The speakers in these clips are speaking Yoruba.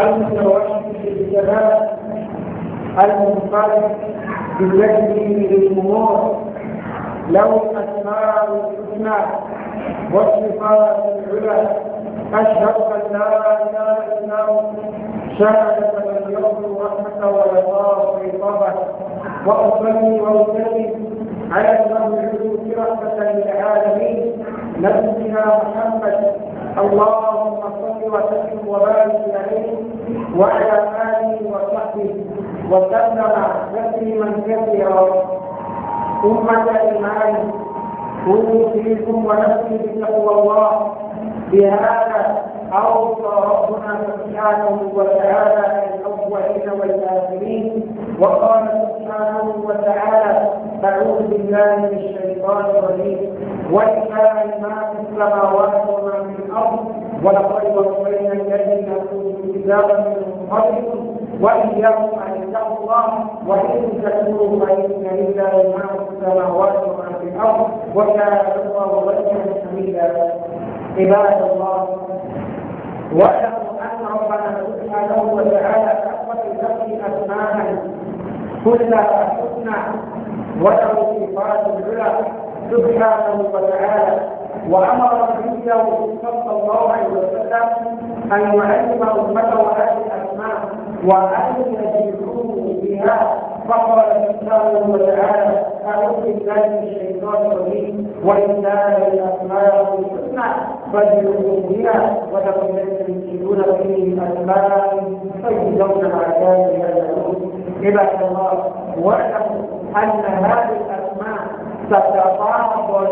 المتوحد بالجلال المنطلق بالذكر للامور له اسماء الحسنى والصفات العلى اشهد ان لا اله الا الله شهادة من يرجو رحمته ويخاف عقابه واصلي واسلم على انه يحب رحمة للعالمين نبينا محمد اللهم صل وسلم وبارك عليه وعلى اله وصحبه وسلم تسليما كثيرا أمة الإيمان قوموا فيكم ونفسي بتقوى الله بهذا أوصى ربنا سبحانه وتعالى الأولين والآخرين وقال سبحانه وتعالى أعوذ بالله من الشيطان الرجيم ولله ما في السماوات وما في الأرض ولقد وصينا الذين أوتوا كتابا من قبلكم وإياكم أن اتقوا الله وإن تكفروا فإن لله ما في السماوات وما في الأرض وكان الله غنيا سبيلا عباد الله واعلموا ان ربنا سبحانه وتعالى اثبت لنفسه كلها حسنى وله صفات العلى سبحانه وتعالى وامر نبيه صلى الله عليه وسلم ان يعلم امته هذه الاسماء وأن يجدوه بها فقال سبحانه وتعالى أعوذ بالله من الشيطان الرجيم ولله الأسماء الحسنى فادعوه بها ولكم يستجيبون فيه الأسماء فيجزون ما كانوا يدعون عباد الله واعلموا أن هذه الأسماء تتطاول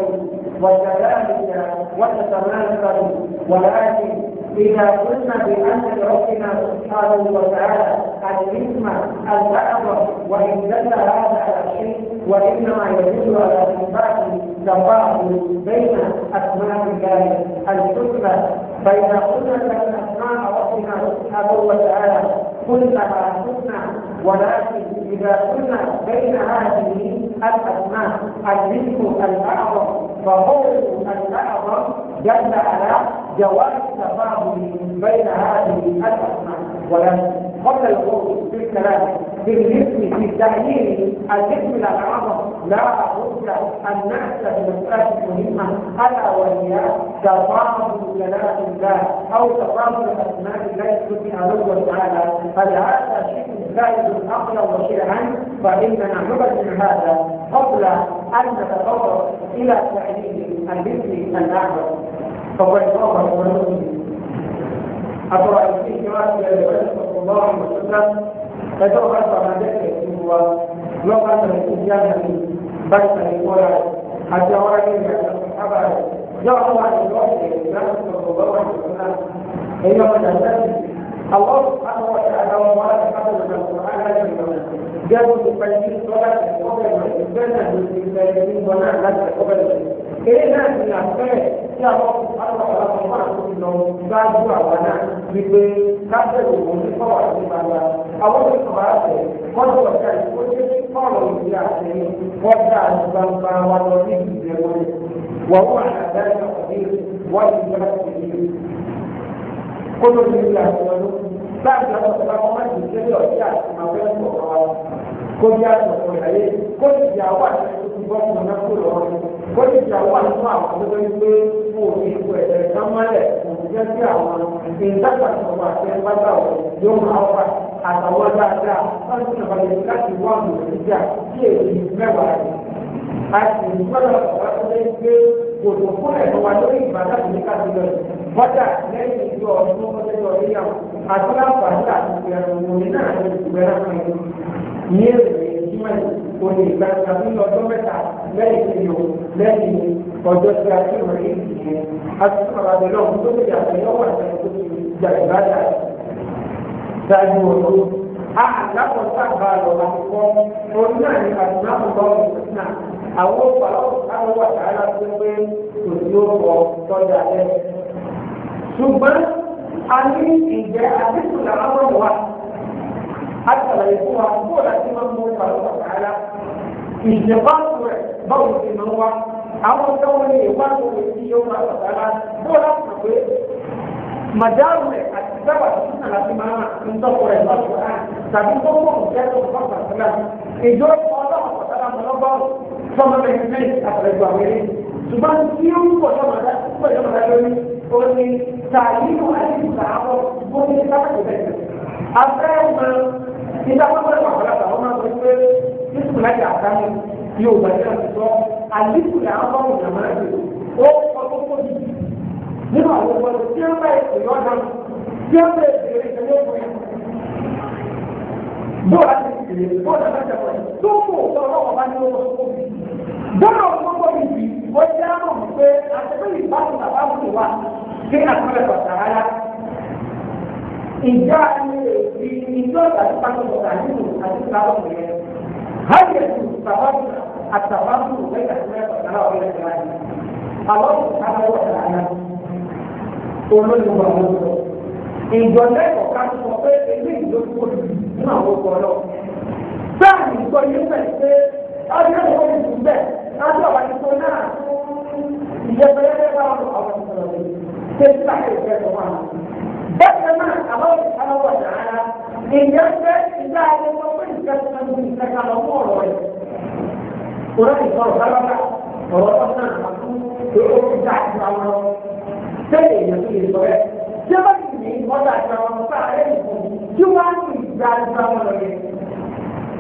وتتلاشى وتتناسب ولكن إذا قلنا بأن ربنا سبحانه وتعالى الحكمة الأعظم وإن دل هذا على شيء وإنما يدل على إثبات تفاهم بين أسماء الله الحكمة فإذا قلنا بأن أسماء ربنا سبحانه وتعالى كلها حسنى ولكن إذا كنا بين هذه الأسماء الحكمة الأعظم فقوله الأعظم دل على جواز التفاهم بين هذه الأسماء ولكن قبل الخروج الكلام بالاسم في تعيين الاسم للعظم لا بد ان نحسب مساله مهمه الا وهي تفاهم كلام الله او تفاهم اسماء الله سبحانه وتعالى هل هذا شيء زائد عقلا وشرعا فاننا نبعد هذا قبل ان نتطرق الى تعيين الاسم الاعظم فقد ضاف المنوط أقرأ في كراسة الرسول صلى الله عليه وسلم فتوقع ما ذكر هو لغة الإسلام بس الولا حتى ورد الصحابة جاءوا عن الوحي الإسلام صلى الله عليه وسلم إنما تنتهي الله سبحانه وتعالى ومعاد حفظ القرآن هذا المنزل جاءوا بفجر صلاة القبل والإنسان بالإنسان ونعمة القبل èyí náà ti nà fẹ́ tí a bọ́ alọ́kọ̀ọ́lá fún wa tó ti lọ gbájú àwa náà wípé káfẹ́ òwò ní kọ́ wà sí bàbá àwọn tó kọ̀ bá fẹ́ wọ́n tó ọ̀gá ìkó tó ti kọ́ọ̀rọ̀ ìdí àtẹ̀yìn wọ́n dá àdúgbàgbà wa lọ ní ìdílé wọn wọ́n wà àdá ìkọ̀dé wọ́n ti gbá ìdílé kó ló ní ìdílé àtẹ̀wọ́n láti ọ̀sán wọn má ti ṣe ọ̀sẹ̀ àti màwé ọ̀sán wa kó bí àtọ̀kọ̀ ìyáyé kó ti yà wà ní ìdílé wọ́n ti àwọn àwọn àkọ́kọ́ pé fún òní ipò ẹ̀rẹ̀ kan mọ́lẹ̀ òṣìṣẹ́ sí àwọn ìgbésàkàtàwọ̀ àti ẹgbàtàwọ̀ yóò máa wà àtàwọn dáadáa wọ́n ti nàbà láti wá àwọn òṣìṣẹ́ sí èyí mẹ́wàá rẹ̀. a sì ń pé kòtò fún ẹ̀kọ́ wa lórí ìbàdàn ní kájọ bọ́dà lẹ́yìn ìjọ ọdún ọdún ìyàwó àti òní ìgbà tàbí ọjọ́ mẹ́ta lẹ́yìn tí o lẹ́yìn ọjọ́ tí a ti rẹ̀ yìí ti yẹn a ti sọ̀rọ̀ àbẹ̀ náà tó ti yàtọ̀ yọ wà ní ọjọ́ tó ti jà ìbáda dájú ọdún. a àdàpọ̀ sábà lọ àkókò orí náà ní àdúrà bọ̀ náà àwọn ọ̀pá àwọn wà sára tó pé kò sí ọkọ̀ tọ́jà ẹ̀. ṣùgbọ́n a ní ìjẹ́ àdínkù làwọn wà á sàlàyé fún wa bóòlù àti máa ń mú ìpàdé wà ìṣèpáàtò rẹ̀ báwo ti máa ń wá àwọn ọ̀dọ́wọ́ ní ìwádìí rẹ̀ tí yóò máa bàbá lá bó láti mọ̀ pé màdáàrú rẹ̀ àti sábà tuntun náà láti máa mà ń tọ́kọ rẹ̀ lọ́sọ̀ á tàbí tó mọ̀ ní ẹ̀rọ ìfọ̀n pàtàkì ìjọ ọlọ́run pàtàkì ọlọ́gbọ́n fọmọ bẹ́ẹ̀ ní àpẹẹrẹ àwọn eré ṣùgbọ́n tí ó ń pọ̀ lọ́mọdá lórí ó ní tààlínú àti ìgbàáwọ̀ bó ní alẹ́kùn láti àtàmú yóò bá yẹn sọ alẹ́kùn làwọn bá wọn yàrá rẹ̀ ó kọ́ tó kó di nínú àwọn ọmọ rẹ̀ tí wọ́n bá yẹ èèyàn náà tí wọ́n bá yẹ èèyàn ìṣẹ̀lẹ̀ òkú yẹn. bóòlù àti ìṣẹ̀lẹ̀ bóòlù àti ìṣẹ̀lẹ̀ tó kù ọ̀tọ̀ ọlọ́wọ́ bá ní owó tó kó di. bóòlù ọ̀tọ̀ kó di bí ó jẹ́ àmọ̀ pé àtẹ̀pẹ́ ìbámu bàbá wù wá kí àtúnlẹ̀ pàtàkì ìjà ni ìjọba ìpàkọ́ àdínù àti ìpàkọ́ yẹn هل يكون التواصل التواصل بين حماية القناة وبين الجماعة الله سبحانه وتعالى قولوا لي مبارك ìjọ lẹ́kọ̀ọ́ ká sọ pé ilé ìdókòwò nínú àwọn ọkọ̀ lọ. bẹ́ẹ̀ ni ìjọ yìí mẹ̀ pé ọdún ẹ̀kọ́ mi ti bẹ̀ láti ọ̀bà ti fún náà ìjẹ́pẹ̀lẹ́pẹ̀ bá wọn lọ àwọn ìṣẹ̀lẹ̀ bákan náà àwọn ìsàlọ̀ wà náà èèyàn fẹ́ ìgbà ayé tó pé ìfẹ́ tó ń bí ìfẹ́ kalọ̀ mọ́ ọ̀rọ̀ rẹ̀ kò náà ìsọ̀rọ̀ sábàbà ọ̀rọ̀ tó náà àkú pé ó ti dá ìgbà lọ sẹ́yìn èèyàn tó lè sọ rẹ̀ tí ó bá sì ní ọjà ìgbà wọn lọ sáà rẹ̀ nìkan tí wọ́n á ní ìgbà ìgbà wọn lọ yẹn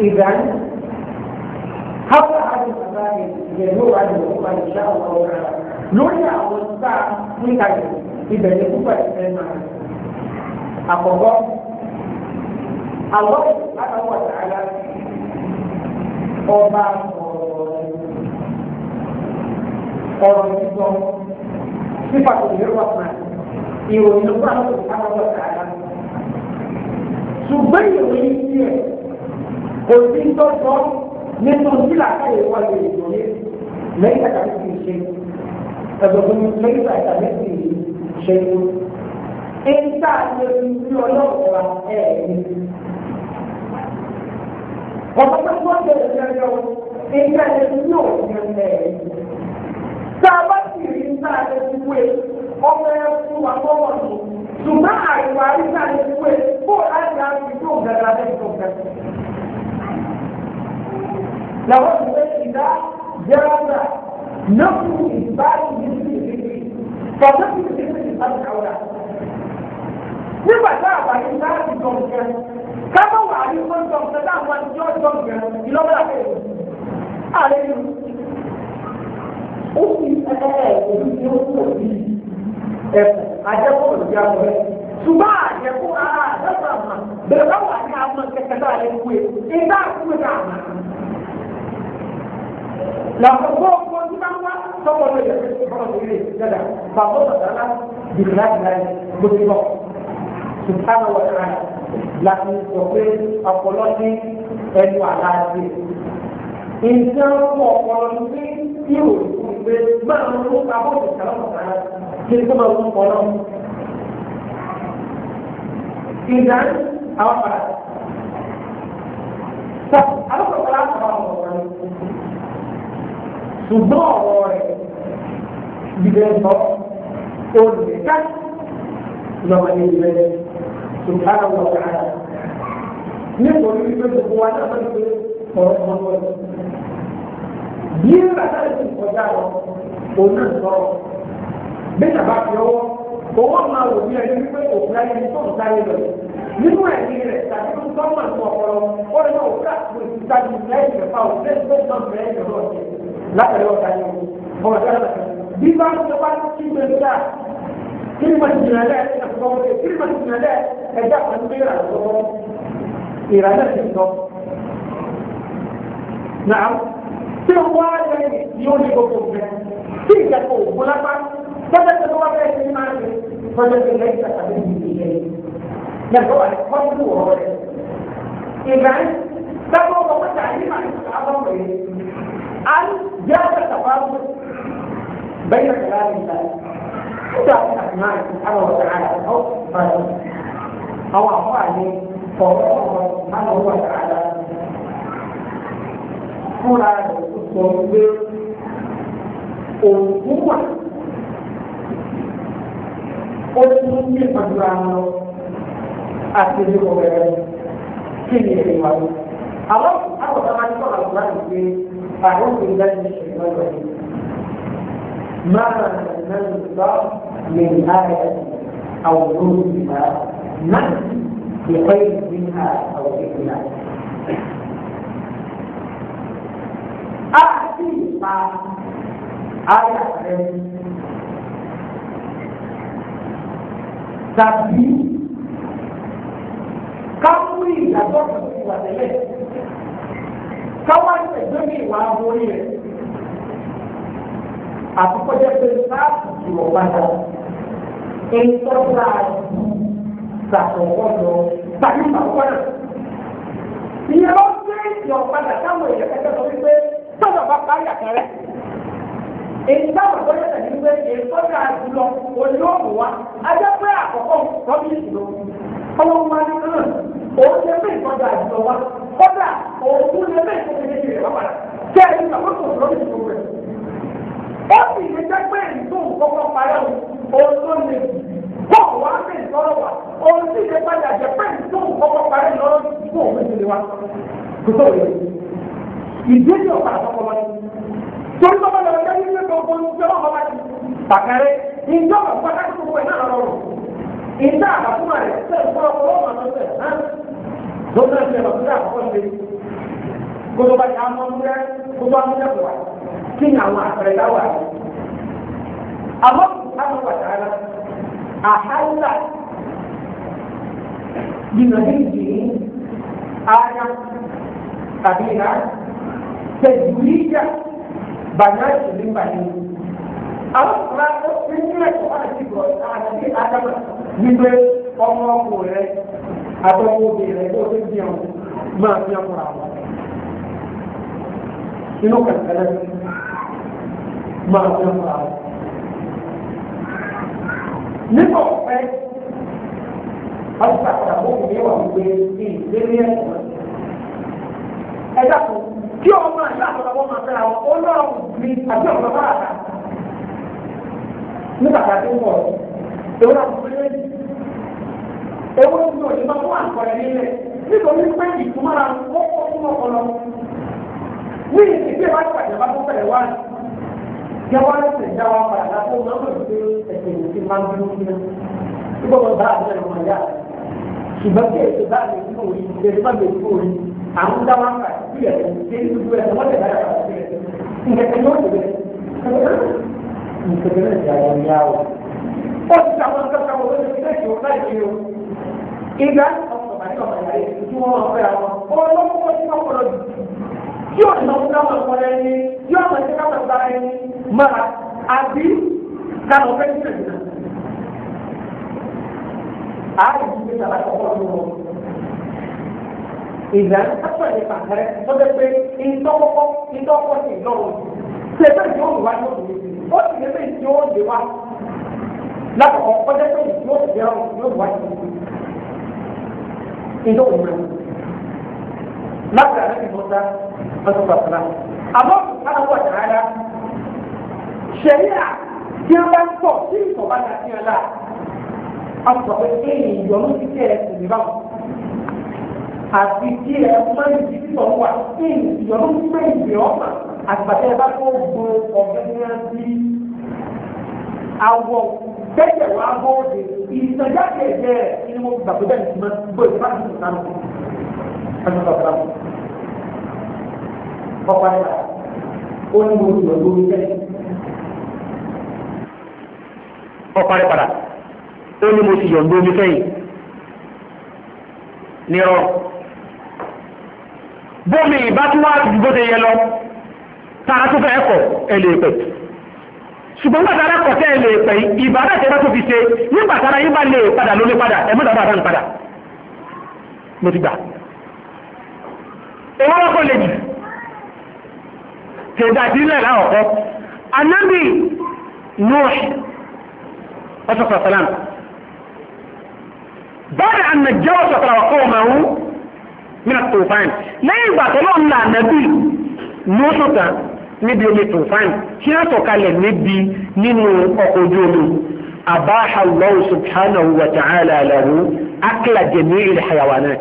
ìgbà ní. Hábà àti bàbá ni òun máa ń ṣá ọ̀rọ̀ rẹ̀ lórí àwọn sáà níkàlẹ̀ ibẹ̀ ni púpọ̀ àkọ́kọ́ àwọn àwọn àtàlà ọba ọ̀rọ̀ sísọ sípà tó lè wà fún ìròyìn ló fún àwọn àwọn àtàlà ṣùgbọ́n ìròyìn tiẹ̀ kò sí tọ́tọ́ nínú sílà káyọ̀ wà lè ìròyìn lẹ́yìn àtàlẹ́ kì í ṣe ẹ̀dọ̀gbọ́n lẹ́yìn àtàlẹ́ kì í ṣe é ẹ̀ńtà ni o ti rí ọlọ́ọ̀wà ẹ̀ ní. ọ̀pọ̀ tó ń bọ́ ṣe ìrìnàjò ẹ̀ńtà ni o ti rí òfin ẹ̀ ní. tá a bá sì rí ẹ̀ńtà ni o ti wé ọmọ ẹ̀ fún wa lọ́wọ́ ni ṣùgbọ́n àìwá ẹ̀ńtà ni o ti wé kó láti á fi tó gàdá bẹ́ẹ̀ tó gàdá. làwọn ìwé ìdá jẹ́rọ̀ náà nọ́ọ̀kù ìbáraẹ̀yìn sí ìrírí tọ́jú ìrírí ìbáraẹ̀yìn nígbà tá a bá yẹ ká ti jọ nǹkan ká má wà á yẹ kó jọ nǹkan tá a máa jọ jọ nǹkan ìlọ́wọ́ àti èrò àlẹ́ yìí ó fi ẹ̀ẹ́dẹ̀ẹ́dẹ̀ ní ó kò sí ẹ̀fọ́ àjẹkọ́ òdì àwọn ẹ̀ ṣùgbọ́n àjẹkọ́ ara àjẹkọ́ àmà bẹ̀rẹ̀ bá wà ní àwọn kẹ̀kẹ́ náà lè wé ìdá àkúwé náà àmà. làkòókò ọkọ tí wọn wá sọ́kọ̀ọ́ lóye ọ̀rọ̀ ìrè dáadáa bàbá ọ̀sán dáná dìgbà láti láyé gbogbo sùkánà wọ̀tara láti sọ pé ọpọlọ ní ẹnu àlàáfíà. Nǹkan fún ọpọlọ ní pé yóò fún pé máa ń mú abọ́dù kàlọ́kàlá kí n tó máa mú ọpọlọ. Ìgbà àwọn padà. Alọ́kọ̀ọ́kọ́ láti bá ọmọ ọ̀rọ̀ ni. Ṣùgbọ́n ọ̀rọ̀ rẹ̀ ìdílé ń bọ̀ olùdíkà lọ́wọ́ ní ìrẹ́lẹ̀ subhana wa ta'ala nítorí wípé gbogbo wa náà máa ń gbé ọ̀rọ̀ kan lọ́wọ́ bí bàtà lè fi kọjá lọ òun náà sọ̀rọ̀ bí bàbá fi ọwọ́ owó máa wò ní ẹni wípé òkú ayé ní tó ń sáré lọ nínú ẹ̀mí rẹ̀ tàbí tó ń tọ́ mọ̀ ní ọ̀pọ̀lọ ó lè máa òkúta kò sí sáájú ní ẹ̀yìn rẹ̀ fáwọn ṣé tó ń tọ́ mọ̀ ẹ̀yìn rẹ̀ lọ́ọ̀tẹ̀ látàrí ọ̀tá yẹn ọ̀rọ̀ bí bá ń sọ bá ti kí كلمة جنادات كلمة جنادات أداء تنبير على الظهور إرادات الظهور نعم tí o wá lẹ́yìn yóò ní gbogbo rẹ̀ tí ìjẹ́kọ̀ òkú lápá tọ́jà tó wá bẹ́ẹ̀ ṣe máa ń lè tọ́jà tó lẹ́yìn tàbí ìdílé yẹn. Yàtọ̀ wà ní kọ́ńtù ọ̀rọ̀ rẹ̀. Ìgbà yìí dábọ̀ ọmọ mọ́ta yìí máa ń sọ àwọn ọmọ yìí. A ń jẹ́ àgbàtà wá bẹ́ẹ̀ yàtọ̀ láti ìgbà yìí sáàmì Àwọn àwọn àyè fọwọ́ àwọn lọ àti ilé ọ̀rẹ́ ما ننصر من آية أو ننسها من بخير منها أو إثمها أعطيها آية tàbí káwé ìyàtọ̀ ìwà tẹ̀lé káwá ìtẹ̀gbẹ́mí ìwà àwọn àkọ́kọ́ jẹ́ pé sáàpù ti wọ̀ padà ìtọ́lá ṣàkọ́kọ́ lọ tàbí ìpàkọ́ náà. ìyẹn ló gbé ìyọ̀ padà táwọn èèyàn kẹ́kẹ́ sọ wípé tọ́lá bá parí àkàrẹ́. èyí táwọn tó yẹ̀tẹ̀ ní pé èyí tó dáa jù lọ òní wa a jẹ́ pé àkọ́kọ́ rọ́bì ìṣòro. ọmọ wa ní ọ̀rọ̀ òun ṣe pé ìtọ́jà àjùlọ wa kódà òun lè pé ìtọ́jà àjùlọ wa padà ó sì lè jẹ́ pé ìlú kọ́kọ́ parẹ́ òun tó lè pọ̀ wá sí ìtọ́rọ̀ wa òun sì lè padà jẹ́ pé ìlú kọ́kọ́ parẹ́ lọ́rọ́ tó òun ti lè wá tó tó lè ìdí èdè ọ̀pá àtọ́kọ́ wa torí bàbá lọ́wọ́ yẹn ní pé gbogbo ìjọ ọ̀họ́ wa ti pàkàrẹ́ ìjọ ọ̀pá láti gbogbo ẹ̀ náà lọ́rọ̀ ìdá àbàkùnmá rẹ̀ sẹ́ẹ̀ fọ́ ọkọ̀ ọ̀hún àtọ́sẹ̀ náà lọ́sẹ̀ kí ni àwọn àpẹẹrẹ láwà rẹ̀. àmọ́ àwọn wàtàrà àhálà ìnáwó ìdí ara tàbí ìlà pẹ̀lú ìjà bàná ìṣòlì bàní. àwọn ìṣòro àti ìṣòro ẹ̀kọ́ àti ìgbọ̀ àti àdàbà wípé ọmọ ọkùnrin rẹ̀ àtọ́wọ́ obìnrin rẹ̀ tó ti di ọ̀hún máa fi ọkùnrin àwọn. inú kàkàlẹ́ mi máa fẹ́ fà á. nípa ọ̀pẹ ọ̀pẹ àtàwọn òbí wà wípé ní ìdílé ẹ̀kọ́ ẹ dàpọ̀ kí ọmọ àti àtọ̀lọ́wọ́ máa fẹ́ra wọn ó lọ́rọ̀ mi àti ọ̀pọ̀ bá àtà nígbà tá a ti ń bọ̀ èwo la lé èwo ní òní máa fún àkọlẹ̀ nílẹ̀ nítorí pé ìtumọ̀ra wọ́pọ̀ fún ọpọlọ ní ìdílé wa ti pàdé bá tó fẹ̀rẹ̀ wá jáwá lẹ́sẹ̀ jáwá padà lápò máa ń pè é ẹ̀sẹ̀ ìlú ti máa ń dúró sí náà nígbà wọn bá àbúrò ẹ̀rọ máa yá ṣùgbọ́n kí èso bá mi kúrò rí èso bá mi kúrò rí àwọn jáwá ń pàṣẹ sí ẹ̀sẹ̀ sí ìlú ẹ̀sẹ̀ wọ́n tẹ̀lé ẹ̀rọ sí ẹ̀sẹ̀ ìkẹ̀kẹ̀ yóò tẹ̀lé ìkẹ̀kẹ̀ náà jà wọ́n yá o. ó ti sàwọn akẹ́kọ̀ọ́ wọn lórí ilé ìṣòro láì fi o ìgbà ọ̀sán àti ọ̀sán tí ò náwó káwọn ọ̀pọ̀lọ ẹni tí ọ̀pọ̀ ẹni káwọn ọ̀pọ̀ ẹni máa àbí káwọn ọ̀pẹ́ nílẹ̀ nìyà. a yìí ti fi sàlá kọ́kọ́ ló wọ. ìlà sápẹ̀ ní pàtẹ́rẹ́ tó dé pé ìtọ́kọ́kọ́ ìtọ́kọ́ sì lọ́wọ́ tẹ̀sán ìjọ òwúwa yóò dé ó sì lé pé ìjọ òde wa lákọ̀ọ́ ọjọ́ pé ìjọ òde wa yóò wá ìjọ òde maka nabi musa masu basira àmọ́ sùkánà wà dáadáa ṣẹ̀ríà tí a bá ń pọ̀ sí ìtọ́ba náà sí ọ̀la a sọ pé èyí ìyọnu ti kẹ́ ẹ sì ní báwọn àti kí ẹ má ní ti tọ̀ wá èyí ìyọnu ti pé ìgbé ọ̀mà àgbàtẹ́ bá tó gbó ọ̀gá ní wọn sí awọ tẹ́tẹ̀ wá bóde ìtọ́jáde ẹ̀jẹ̀ rẹ̀ ni mo gbàgbé bẹ́ẹ̀ ní ti máa gbó ìfáàdì ìtàn náà ẹnu kọ̀ọ̀kan kọ́kọ́ ẹ̀ka ó ní mo lò lórí bẹ́ẹ̀. ọkọ̀ rẹ̀ padà ó ní mo ti yọ̀ǹdó omi sẹ́yìn nírọ̀ bómi ìbá tún wá ju bó yẹ lọ tààrà tó fẹ́ kọ̀ ẹ lè pẹ̀ ṣùgbọ́n nígbà tára kọ̀ tẹ́ ẹ lè pẹ̀ ìbá bẹ́ẹ̀ tẹ́ tó fi ṣe nígbà tára yín bá lè padà lórí padà ẹ mọ́ dábàá ń padà mo ti gbà èyí wọ́n kò lè jù tẹ̀dàdílẹ̀ láwọ̀kọ́ anábì Nuh ọ̀sọ̀sọ̀ sàlám báyìí ànàjẹ́ ọ̀sọ̀sọ̀ àwọ̀kọ́ ọmọ mina tòfán lẹ́yìn ìgbà tó lọ́n la anábì Nuh tán níbi omi tòfán kí wọ́n sọ̀kalẹ̀ níbi nínú ọkọ̀ ojú omi abaha Allah subhanahu wa ta'ala lahu akla jami'il hayawanat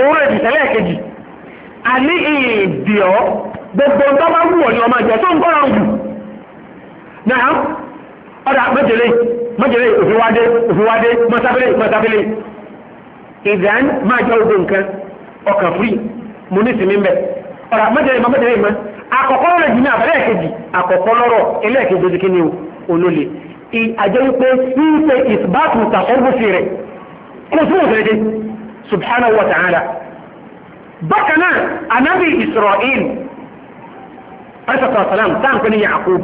ìwọ́n ìdìsẹ́lẹ̀ kejì àní gbogbo bá wù ọ́ ni ọmọ ìjẹ́ tó ń gbọ́ra jù náà ọ̀dà méjèlé méjèlé òfiwádé òfiwádé mọ́sábílé mọ́sábílé ìdán máa jẹ́ ogun nǹkan ọkàn fúri mo ní sinmi mbẹ ọ̀dà méjèlé mọ́ méjèlé mọ́ àkọ́kọ́ rẹ̀ jù ní àbẹ̀lẹ̀ kejì àkọ́kọ́ lọ́rọ̀ ẹlẹ́ẹ̀kejì ojú subhanahu wa ta'ala bákan náà anábì israel alayhi salam táǹkì ní yaakub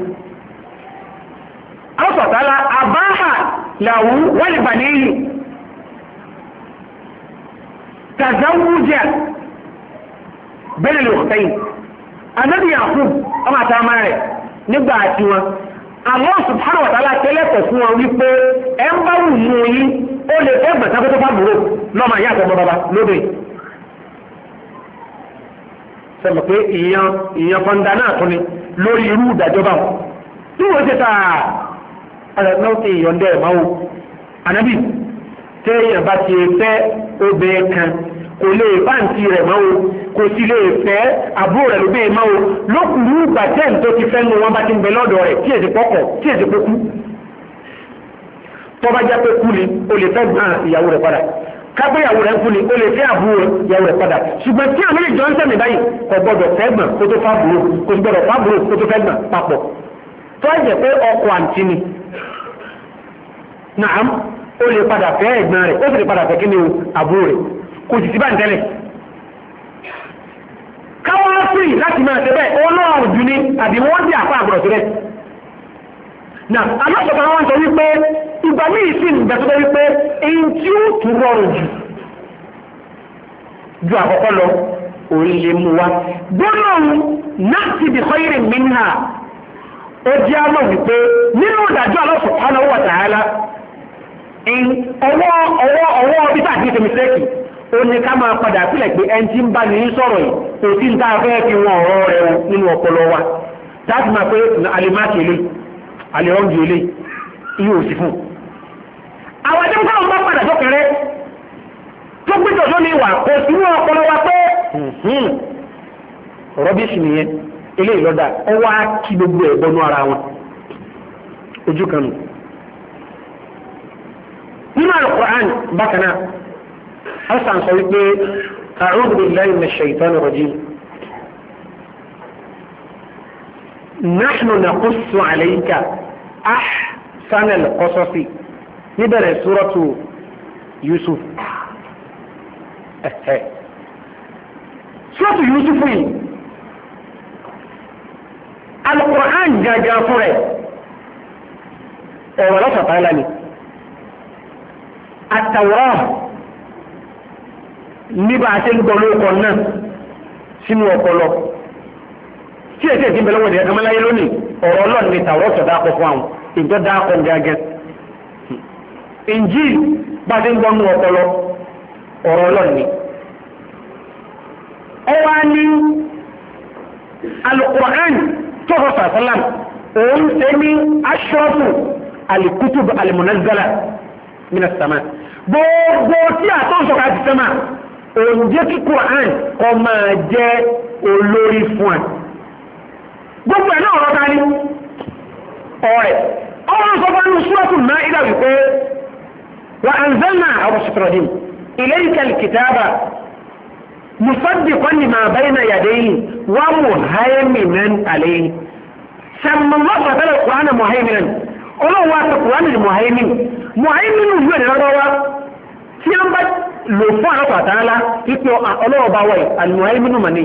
alásọ̀tàlá abáhà làwù wal baniyi tazawuja bẹ́ẹ̀ lè wọ́tẹ́yìn anábì yaakub ọmọ àtàmà rẹ̀ nígbà àti wọn àwọn subhanahu wa ta'ala tẹ́lẹ̀ fún wọn wípé ẹ ó lè fẹ́ gbẹ̀sán kó tó fà búrò lọ́mọ ìyá àtọmọ bàbá lóde sọmọ pé ìyàn ìyàn fọ́ndà náà tún ni lórí irú ìdájọba wọn tí wọ́n ti sáà àlẹ́nà ìyọ̀ndẹ̀ ìmáwó ànábì tẹ́yìn bá ti fẹ́ obìnrin kan kò lè fáǹtì rẹ̀ máwo kò sì lè fẹ́ àbúrò rẹ̀ lóbìnrin máwo lókùnrin ìgbà tẹ́ǹ tó ti fẹ́ nu wọn bá ti ń bẹ lọ́dọ̀ rẹ̀ tí èsì pọ́kọ̀ tí èsì pọ́kú tọ́ba jẹ́ pé kú ni o lè fẹ́ gbọ́n ìyàwó rẹ̀ padà kágbéyàwó rẹ̀ kú ni o lè fẹ́ àbúrò ìyàwó rẹ̀ padà ṣùgbọ́n tí àwọn méjèèjì ń sẹ̀mí báyìí kò gbọdọ̀ fẹ́ gbọ̀n kó tó fábùrò kò gbọdọ̀ fábùrò kó tó fẹ́ gbọ̀n papọ̀ tó ẹ jẹ́ pé ọkọ àǹtí ni nàám o lè padà fẹ́ ẹ̀gbọ́n rẹ̀ o sì lè padà fẹ́ kí ni o àbúrò rẹ̀ kò sì sí bá ń tẹ́lẹ̀ káwọn fìrì láti máa ṣe bẹ́ẹ̀ ọlọ́run jù ni àbí wọ́n dì àpá àbúrò síbẹ̀ na aláṣọ̀kọ̀ wọn sọ wípé ìgbà ní ìsìn ìgbàsọ́tọ̀ wípé èyí tí ó tù rọrùn jù ju àkọ́kọ́ lọ wa gbólóhùn náà di kọ́yìrì minna ó jẹ́ àmọ́ wípé nínú ìdájọ́ aláṣọ̀ kọ́nà wọ̀ tààlà ọwọ́ ọwọ́ ọwọ́ bí ó ní ká a ali ọ̀hún yóò lé yóò sì fún. àwọn ẹjọ́ sọ̀rọ̀ bá padà sọ́kẹrẹ́ tó gbé tọ̀sọ́ ní ìwà kò sí ọpọlọ wa pé nìyẹn ọ wá kí gbogbo ẹ̀ ara wọn ojú kan nù. sọ wípé nahnu naqussu alayka ahsana al-qasasi níbẹ̀rẹ̀ súrọ́tù Yusuf súrọ́tù Yusuf yìí al-Qur'an gangan fún rẹ̀ ọ̀rọ̀ lọ́sọ̀tà ńlá ni àtàwọ̀rọ̀ níbà àti ń náà sínú ọpọlọ tí èsì èsì ń bẹ lọ́wọ́ ìdíyẹ kan mọ́láyé lónìí ọ̀rọ̀ ọlọ́run ni tàwọn ọ̀sọ̀ dáa kọ́ fún àwọn ìjọ dáa kọ́ gẹ́gẹ́ Injil bá ti ń gbọ́ nù ọpọlọ ọ̀rọ̀ ọlọ́run ni. ọ wá ní alukur'an tọ́sọ̀ sàṣálàm òun ṣe ní aṣọ́fù alikutub alimunazala mina sama gbogbo tí a tó ń sọ̀kà ti sẹ́mà òun jẹ́ kí kur'an kọ́ máa jẹ́ olórí fún wa gbogbo ẹ̀ náà rọ́ta ní ọ̀rẹ́ ọ̀rọ̀ sọ fún ṣúwọ́tù náà ìdá wípé wà á ń zẹ́nà àwọn ṣùtọ̀dìm ilé ìkẹlì kìtàbà musaddi kwanni ma bayna yadayhi wa muhaiminan alayhi samman wa fatala qur'ana muhaiminan ọlọ́run wa sọ qur'ana ni muhaimin muhaimin ni yóò dẹ̀rọ wa tí a bá lò fún àwọn àtàlá ipò ọlọ́run bá wà yìí al-muhaimin mani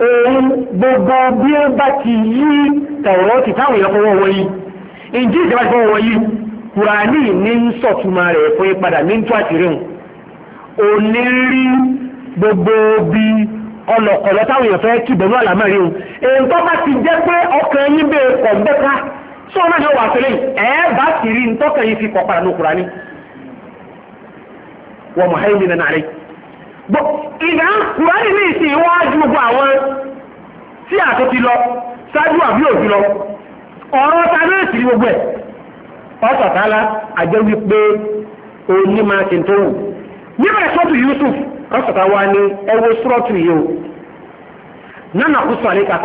òun gbogbo bí ó bá ti yí tẹ̀wọ̀rọ̀ ti táwọn èèyàn fọwọ́ yìí ìjì ìjọba ti fọwọ́ yìí kùránì ní ń sọ̀túnmọ́ rẹ̀ fún ìpadà ní tó rí gbogbo bí ọlọ̀kọ̀lọ̀ táwọn èèyàn fẹ́ kìbọ̀nú àlámọ́rí o èyí bá ti jẹ́ pé ọkàn yín bẹ́ẹ̀ kọ̀ gbẹ́ká tí wọ́n náà wà sílẹ̀ ẹ̀ bá rí ìgbà kùránì a ìsìn ìwọ́jú gbogbo àwọn tí àtó ti lọ ṣáájú àbí òjú lọ ọ̀rọ̀ ta náà gbogbo ẹ̀ ọ̀sọ̀tálá àjẹ́ wípé òní máa ti tó wù nígbà ìṣọ́tù Yusuf wa ní ẹwọ́ sọ́ọ̀tù o nánà kú sọ àlékà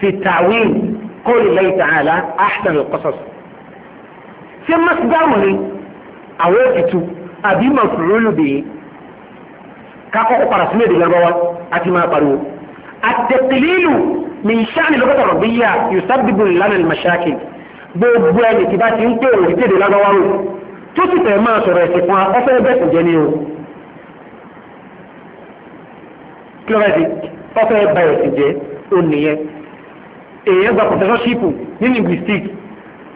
في تعويل قول الله تعالى أحسن القصص في مصدره أوجت أبي مفعول به كاكو قرصمي دي لغوا أتما قالوا التقليل من شأن اللغة العربية يسبب لنا المشاكل gbogbo ẹni tí bá ti ń pè òun ìkéde lágbàwárò tó sì fẹ́ máa sọ̀rọ̀ ẹ̀sìn fún afẹ́fẹ́ bẹ̀sùn jẹ ní o kí ló fẹ́ ọfẹ́ bá ẹ̀sìn jẹ nìyẹn èèyàn gba professorship ní linguistic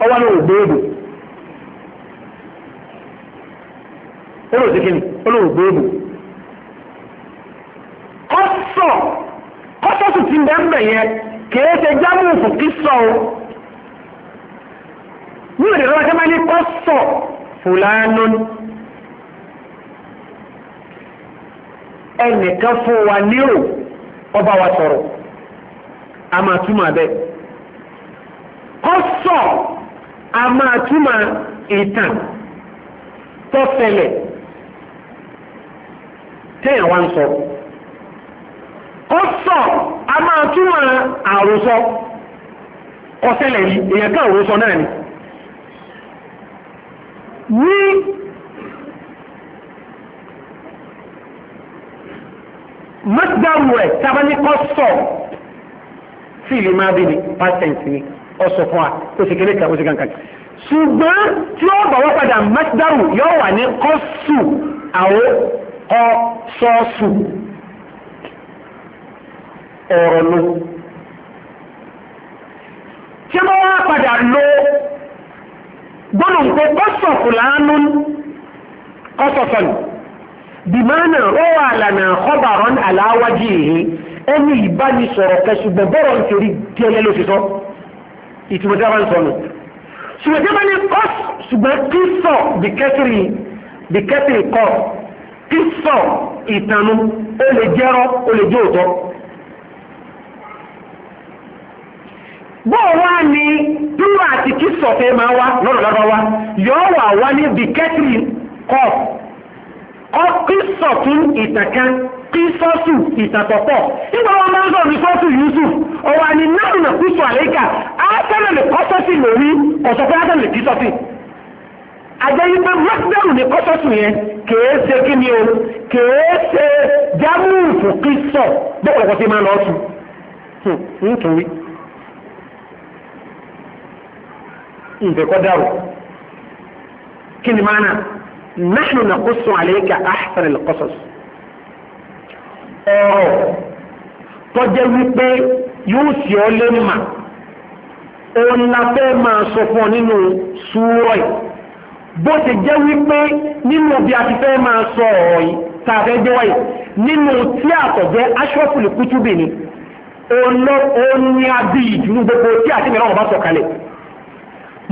ọwọ́ náà ògbóògbò olóòsìkìní olóògbóògbò kọ́sọ̀ kọ́sọ̀sù ti bẹ́ẹ̀ yẹn kìí ṣe jámù fún kíṣọ̀ o ní òdè rọ́wọ́ sẹ́mọ́ ní kọ́sọ̀ fúlánún ẹnìkan fún wa ní ò ọba wa sọ̀rọ̀ a máa túmọ̀ abẹ́ kọ́sọ̀ a máa túmọ̀ ìtàn tó ṣẹlẹ̀ téèyàn wá ń sọ kọ́sọ̀ a máa túmọ̀ àròsọ kò ṣẹlẹ̀ yìí èèyàn kan àròsọ náà ni ní mọ́tìdáwù ẹ̀ tábánikọ́ sọ̀ fíìlì máa bí ni past tense ni ó sọ fún wa ó sì kéré kan ó sì kankan. ṣùgbọ́n tí ó bọ̀ wá padà masdaru yóò wà ní kọ́sù àwọn ọ̀ṣọ́ọ̀ṣù ọ̀rọ̀ ló. tí wọ́n wá padà lo gbọ́dọ̀ pé kọ́sọ̀ fúlàánú kọ́sọ̀ sọ̀nù bìmánà rọ́wà lànà kọ́bàrán aláwájì yìí ẹni ìbánisọ̀rọ̀ kẹsùgbọ̀n bọ́rọ̀ ń torí díẹ̀lẹ́ ló ti sọ ìtumọ̀ tí a máa ń sọ nù ṣùgbọ́n tí a máa ní ọ́s ṣùgbọ́n kí sọ bìkẹ́tìrì bìkẹ́tìrì kọ́ kí sọ ìtànú ó lè jẹ́rọ́ ó lè jẹ́ òótọ́ bóò wá àti kí sọ máa wá lọ́rọ̀ lọ́rọ̀ wá yọ̀ọ́ wà wá ní bìkẹ́tìrì kọ́ kí sọ fún kí sọ́ọ̀sù ìtàkọ̀pọ̀ nígbà wọn máa ń sọ̀rọ̀ ní sọ́ọ̀sù Yusuf ọ̀wà ni náà nà kúṣù àlékà ákẹ́lẹ̀ lè kọ́ sọ́ọ̀sì lórí ọ̀sọ̀fẹ́ ákẹ́lẹ̀ lè kí sọ́ọ̀sì àjẹ́ yìí pé mọ́sídẹ́rù ní kọ́sọ́sù yẹn kèé ṣe kí ni o kèé ṣe jámùfù kí sọ bọ́pọ̀lọpọ̀ sí máa lọ hmm, tù nítorí nà nahnu naqussu alayka ahsana al-qasas ọ̀rọ̀ tọ́jẹ́ wípé yóò sì ọ́ lé mà òun la fẹ́ máa sọ fún ọ nínú súwọ́ yìí bó ti jẹ́ wípé nínú bí a ti fẹ́ máa sọ ọ̀rọ̀ yìí tàbí ẹjọ́ wáyé nínú tí àtọ̀jẹ́ aṣọ́fùlù kútúbì ni òun ni a bí ìdùnnú gbogbo tí àti mìíràn ọba sọ kalẹ̀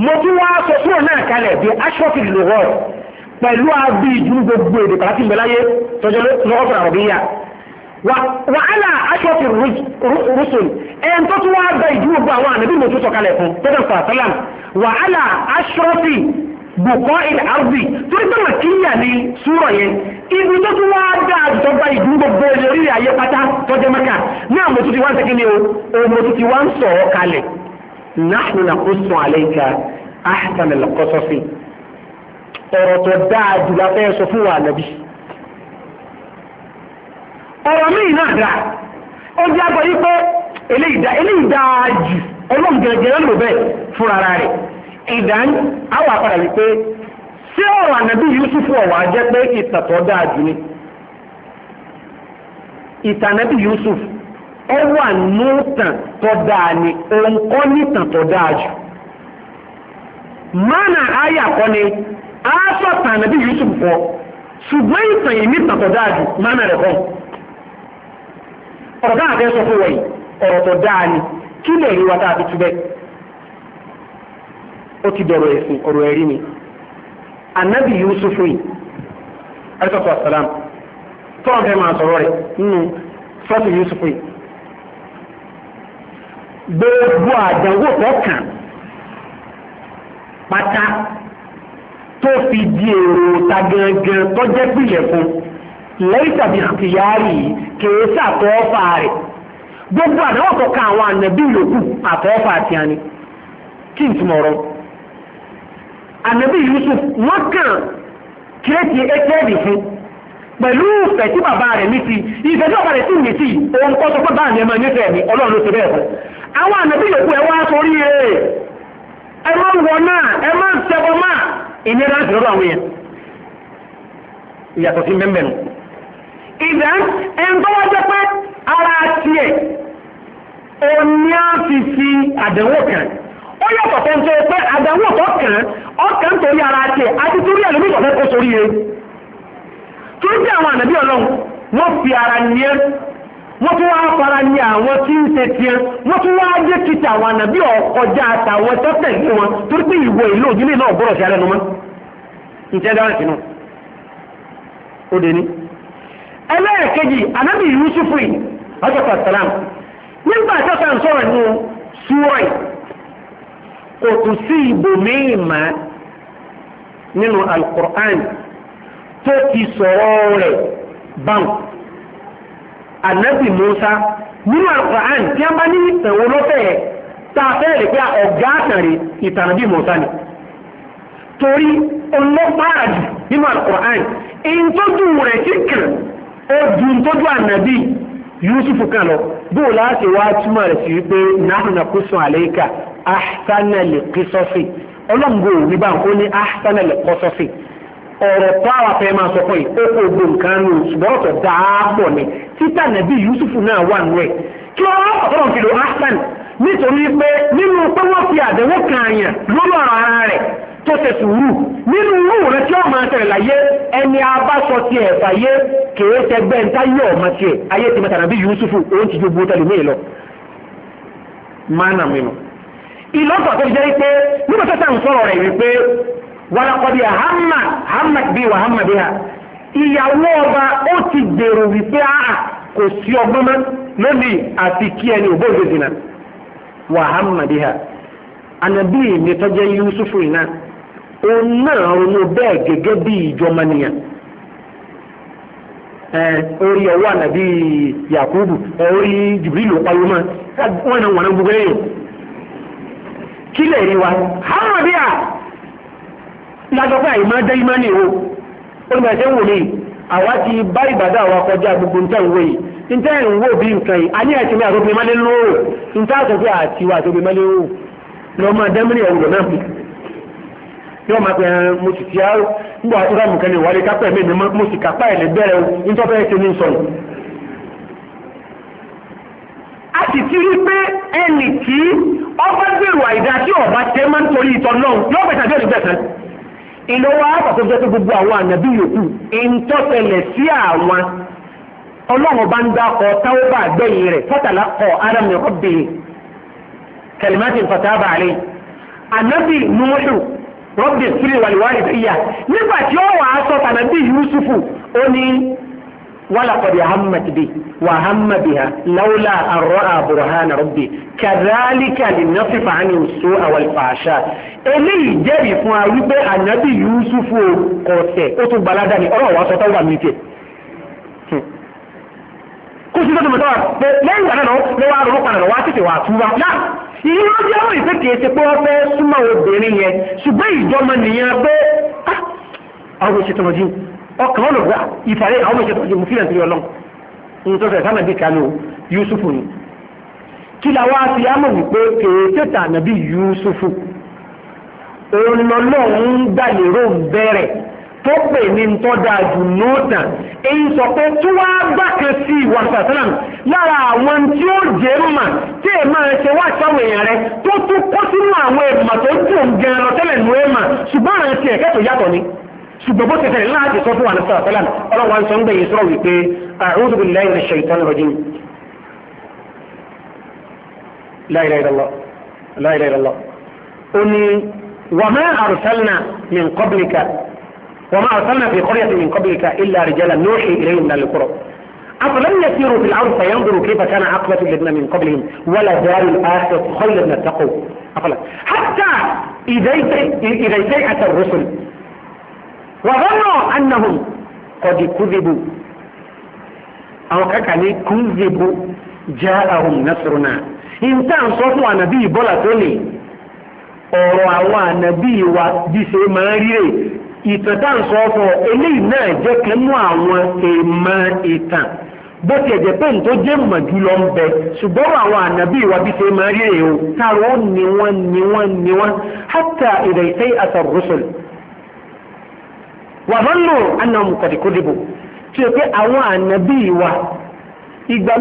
mo tún wá sọ súwọ́ náà kalẹ̀ bí aṣọ́fùlù lọ́wọ́ pẹ̀lú a bí ìdùnnú gbogbo èdè pàtàkì mẹ́láyé tọ́jọ́ lọ́wọ́ wàhálà aṣọ́fin rúṣùn ẹn tó tún wá gba ìdúró gbọ́ àwọn ànábì mọ̀tò sọ̀kalẹ̀ fún tẹ́lẹ̀ fún àṣálàm wàhálà aṣọ́fin bùkọ́ ilẹ̀ arúgbì torí pé màkìyà ni súrọ̀ yẹn ibi tó tún wá dá àjùtọ́ gba ìdúró gbogbo ilẹ̀ orí ayé pátá tọ́jú mẹ́ka ní àwọn mọ̀tò ti wá ń sẹ́kí ni o mọ̀tò ti wá ń sọ̀ ọ́ kalẹ̀ nahnu naqussu alayka ahsanal qasasi ọ̀rọ̀ tó dáa jù la fẹ́ sọ fún wa nàbí ọ̀rọ̀ míì náà dà ó jẹ́ àgbọ̀ yí pé eléyìí dáa jù ọlọ́run gẹ̀rẹ́gẹ̀rẹ́ ló lò bẹ́ẹ̀ fún ara rẹ̀ ìdán àwọn àpàdà wípé ṣé ọ̀rọ̀ ànábì Yusuf ọ̀wà jẹ́ pé ìtàtọ̀ dáa ni ìtànábì Yusuf ó wà ní tàn tó dáa ni òun kọ́ ní tàn tó dáa jù mánà àyà ni Yusuf kọ ṣùgbọ́n ìtàn yìí ní tàn tó dáa rẹ̀ kọ́ ọ̀rọ̀ dáhà fẹ́ sọ fún wọ̀nyí ọ̀rọ̀ tó dáa ni kí lè rí wa tá a fi tú bẹ́ẹ̀ ó ti dọ̀rọ̀ ẹ̀sìn ọ̀rọ̀ ẹ̀rí ni anabi yusuf yìí alisatu wasalam tọ́wọ́n fẹ́ máa sọ̀rọ̀ rẹ̀ nínú sọ́ọ̀tù yusuf yìí gbogbo àdánwò tó pátá tó fi di èrò ta gangan tó jẹ́ pìlẹ̀ fún un. lẹ́yìntà bí ìyáàrí kìí rẹ̀ gbogbo àdáwọ̀ tó ka àwọn ànàbí yòókù àtọ́fà àti àní kí n túmọ̀ ọ̀rọ̀ Yusuf wọ́n kàn kírètì ẹ̀kẹ́ẹ̀dì fún pẹ̀lú ìfẹ́ bàbá rẹ̀ ní ti bàbá rẹ̀ ní ti kọ́ sọ pé nífẹ̀ẹ́ mi ọlọ́run ti bẹ́ẹ̀ fún àwọn ẹ wá sórí ẹ ẹ máa ń wọ náà ẹ máa ń ìdán ẹn ara tiẹ̀ o ní á fi fi àdánwò kan ó yàtọ̀ pé tó ara tiẹ̀ àti torí ẹlòmí ìtọ̀fẹ́ kó sórí e tó ń àwọn ọlọ́run wọ́n fi ara ní wọ́n tún wá fara ní àwọn tí ń wọ́n tún wá títà àwọn ẹlẹ́ẹ̀kejì anábì yusufu ọjọ́pọ̀ sàlám nígbà tó sàn sọ̀rọ̀ ní súwọ́ì kò tún sí ibòmíì mà nínú alukur'an tó ti sọ̀rọ̀ rẹ̀ báwọn anábì musa nínú alukur'an tí a bá ní ìtẹ̀wọ́ lọ́fẹ̀ẹ́ tá a fẹ́ rẹ̀ pé ọ̀gá àtàrí ìtànàbí musa ni torí ọlọ́pàá àjù nínú alukur'an èyí tó dùn rẹ̀ kíkìrì ó ju tójú ànábì Yusuf kan lọ bóò láti wá túmọ̀ rẹ̀ sí wípé nahnu naqusu alayka ahsana al-qisasi ọlọ́mùgbò bá ń kó ní ọ̀rọ̀ Yusuf tó tẹ sùúrù nínú irú rẹ tí ọmọ tẹrẹ láyé ẹni abáṣọ ti ẹ̀fà yé kèé tẹgbẹ́ ń táyé ọmọ tiẹ̀ ayé ti mẹ́ta nàbí Yusufu òun ti jogbo tẹ̀lé mí lọ. mánà mi nù. ìlọ́pàá tó jẹ́ pé nígbà tó sàn sọ̀rọ̀ rẹ̀ wípé wàlàkọ̀dì hàmà hàmà bí wà hàmà bí ha ìyàwó ọba ó ti gbèrò wípé àà kò sí ọgbọ́n mọ́ lónìí àti kí ẹni òbó ìgbèsì náà wà hàmà òun náà ronú bẹ́ẹ̀ gẹ́gẹ́ bí ìjọmọnìyàn orí ọwọ́ ànàbí yakubu orí jibrilu ọpayọ mọ́ wọ́n náà wọ́n gbogbo èèyàn kí lè rí wa bí a lájọpẹ́ àìmọ́ jẹ́ ìmọ́ ní ìwò olùmọ̀ẹ́sẹ̀ wò ní àwa ti bá ìbàdà wa kọjá gbogbo nǹkan ìwé yìí nǹkan ìwò bí nǹkan yìí a ní ẹ̀sìn mi àtòkùnrin mọ́lẹ́ lóòrò nǹkan àtòkùnrin àti wa àtòkùnrin mọ́lẹ́ lóòrò lọ́mọ náà yóò máa pẹ ẹran eh, mo sì ti á nígbà ìrámù kan ní ìwálé kápẹ́ mi mi mo sì kápá ẹ̀ lè bẹ̀rẹ̀ o nítorí fẹ́ẹ́ ṣe ní sọ̀rọ̀. a sì ti rí pé ẹnì tí ọba gbèrò àìdá tí ọba tẹ máa ń torí ìtọ́ náà yóò bẹ̀tà bẹ́ẹ̀ ní ìlú wa àpapọ̀ jẹ́ pé gbogbo àwọn ànàbí yòókù ìǹtọ́sẹ̀lẹ̀ sí àwọn ọlọ́run bá ń dákọ̀ táwọn bá gbẹ̀yìn rẹ̀ fọ́tàlá ọ̀ adam ní ọkọ̀ bèè kẹlẹ́mátì fataba alayhi ànàbí nùwọ́sùn rọ́bì sírí wàlíwàlì fìyà nígbà tí ó wà á sọ tànàbí yusufu ó ní wàlàkọ̀dì ahmed bi wà ahmed bi ha lawla arọ́ àbùrọ̀hán rọ́bì kàdálíkà lè ná fífa àní òṣù àwàlfàṣà eléyìí jẹ́rìí fún wa wípé ànábì yusufu kọ̀ọ̀tẹ̀ ó tún gbalada ní ọlọ́wọ́ sọ tó wà mí tiẹ̀ kó sí lọ́dún mẹ́tọ́ pé lẹ́yìn ìgbà náà ló wá ronú padà wá tètè wà túbá náà ìyí ló jẹ́ àwọn ìfẹ́ kìí ṣe pé wọ́n fẹ́ súnmọ́ obìnrin yẹn ṣùgbọ́n ìjọmọ nìyẹn pé ah, àwọn ìṣètò ọjọ́ ọkàn olùgbà ah, ìfàlẹ́ àwọn ìṣètò ọjọ́ mú fílẹ̀ nítorí ọlọ́run ní tó fẹ́ Yusufu ni kí la wá sí àmọ̀ Yusufu òun lọ́lọ́run gbàlérò bẹ̀rẹ̀ tó pè ní tọ́ dáa jù lóòtà èyí sọ pé tí wá gbáke sí ìwà sàtàlám lára àwọn tí ó jẹ́ mà tí è máa ṣe wá sáwọn èèyàn rẹ tó tún kó sínú àwọn èèmà tó dùn gan lọ tẹ́lẹ̀ nù èèmà ṣùgbọ́n àwọn ti ẹ̀kẹ́ tó yàtọ̀ ni ṣùgbọ́n bó ti láti sọ fún wa ní sọ ń gbé yìí wípé a'udhu billahi وما أرسلنا في قرية من قبلك إلا رجالا نوحي إليهم من القرى أفلم يسيروا في الأرض فينظروا كيف كان عقبة الذين من قبلهم ولا دار الآخرة خير من التقوى أفلم حتى إذا سيئت الرسل وظنوا أنهم قد كذبوا أو كان كذبوا جاءهم نصرنا إن كان صوتوا نبي بلا تولي أو àwọn نبي wa bí ìtẹ̀tàn sọ fún náà jẹ́ kan àwọn èèmọ̀ ìtàn bó ti ẹ̀jẹ̀ pé nítorí jẹ́ mọ̀ jùlọ ń bẹ ṣùgbọ́n àwọn ànábì ìwà bí ṣe máa rí èèyàn táwọn ó ní wọn ní hátà ìrẹ̀ ìṣe àtàrúṣùl wà á lò àná mùkọ̀dìkọ́dìbò tí o pé àwọn ànábì ìwà ìgbà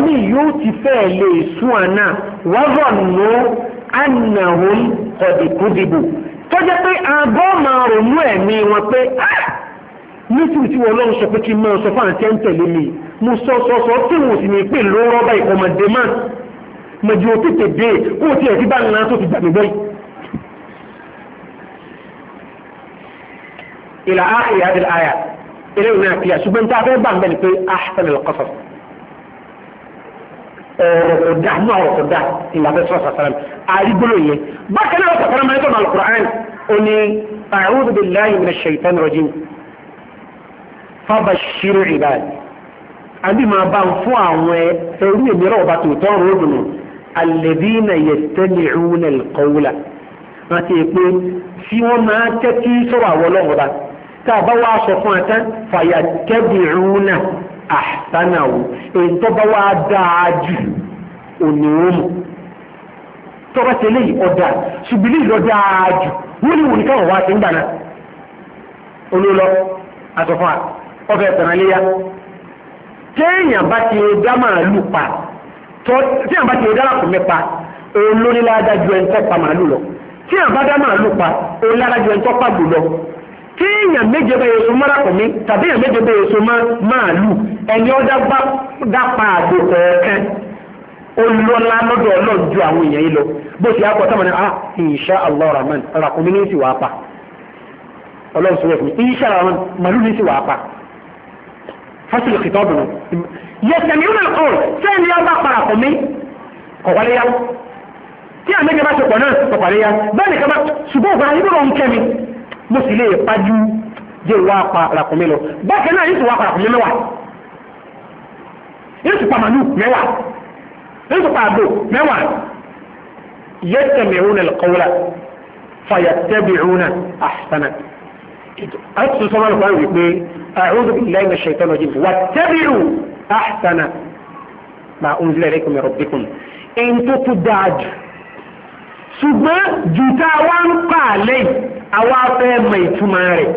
tó jẹ́ pé àbọ̀ máa rònú ẹ̀mí wọn pé ah! nítorí tí wọn lọ́n sọ pé kí n máa sọ fún àti ẹ̀ ń tẹ̀lé mi mo sọ sọ sọ tí wọn sì ní pè ló rọ́bà ìkọmọdé máa mọ̀jú o tètè dé kó o tiẹ̀ ti bá nǹkan tó ti gbàgbé bọ́ ìlà áàkì yàrá àyà eré ìwé náà kìyà ṣùgbọ́n a fẹ́ bá ń bẹ̀ ni pé ahsan al-qasas ó ní a'udhu billahi minash shaitani rajim fabashir ibad àbí máa bá ń fún àwọn ẹrú ìmíràn ọba tòótọ́ ròdùnú alladhina yastami'una alqawla àti èpè tí wọ́n máa tẹ́tí sọ̀rọ̀ àwọn ọlọ́ọ̀ba tá bá wá aṣọ fún atán fayattabi'una ahsanahu èyí tó bá wá dáa jù òní wọn mú tọ́ba ṣe léyìí ọ̀dà ṣùgbìlì ìlọ́dà jù wọ́n ní wòlíkà wọ̀ wá sí ń gbà náà olólọ àtọ̀fọ́ ọ̀fẹ́ ìtànàléyà téèyàn bá ti dá màálù pa téèyàn bá ti dá làkùn mẹ́pa olóníláàdá ju ẹni pa màálù lọ téèyàn bá dá màálù pa olóníláàdá ju ẹni pa gbò lọ téèyàn méje bẹ́ẹ̀ yẹsùn mọ́ra kò mí tàbí èèyàn méje bẹ́ẹ̀ yẹsùn mọ́ màálù ẹni ọ̀dá bá dá pa àgbò kọ̀ọ̀kan olùlọ́lá lọ́dọ̀ ọlọ́run ju àwọn èèyàn yìí lọ bó ti akọ sọ́mọ ní a ah, insha allah rahman rakumi ní sì wàá pa ọlọ́run sọ wẹ̀fún insha rahman màlúù ní sì wàá pa fásitì kìtọ́ ọ̀dùnú. yẹsẹ̀ mi náà kọ́ sẹ́yìn yá bá para kọ̀ mí kọ̀wálé yá tí àmì ìjọba ṣe pọ̀ náà kọ̀wálé yá bẹ́ẹ̀ ni kaba ṣùgbọ́n òkúra yìí bọ̀ nítorí àgbò mẹ́wàá yẹ́tẹ̀mẹ̀rún ẹ̀lẹ́kọ́wọ́lá fàyàtẹ́bìrún àṣánà àti sọ́mọ́ nípa wípé àrùn ìlànà ṣètò lọ́jì wàtẹ́bìrún àṣánà ma ń zilẹ̀ rẹ̀ kọ́mi rọ̀bìkún ẹni tó tó dáa jù ṣùgbọ́n jù tá a wá ń pa àlẹ́ yìí àwa fẹ́ mọ ìtumọ̀ rẹ̀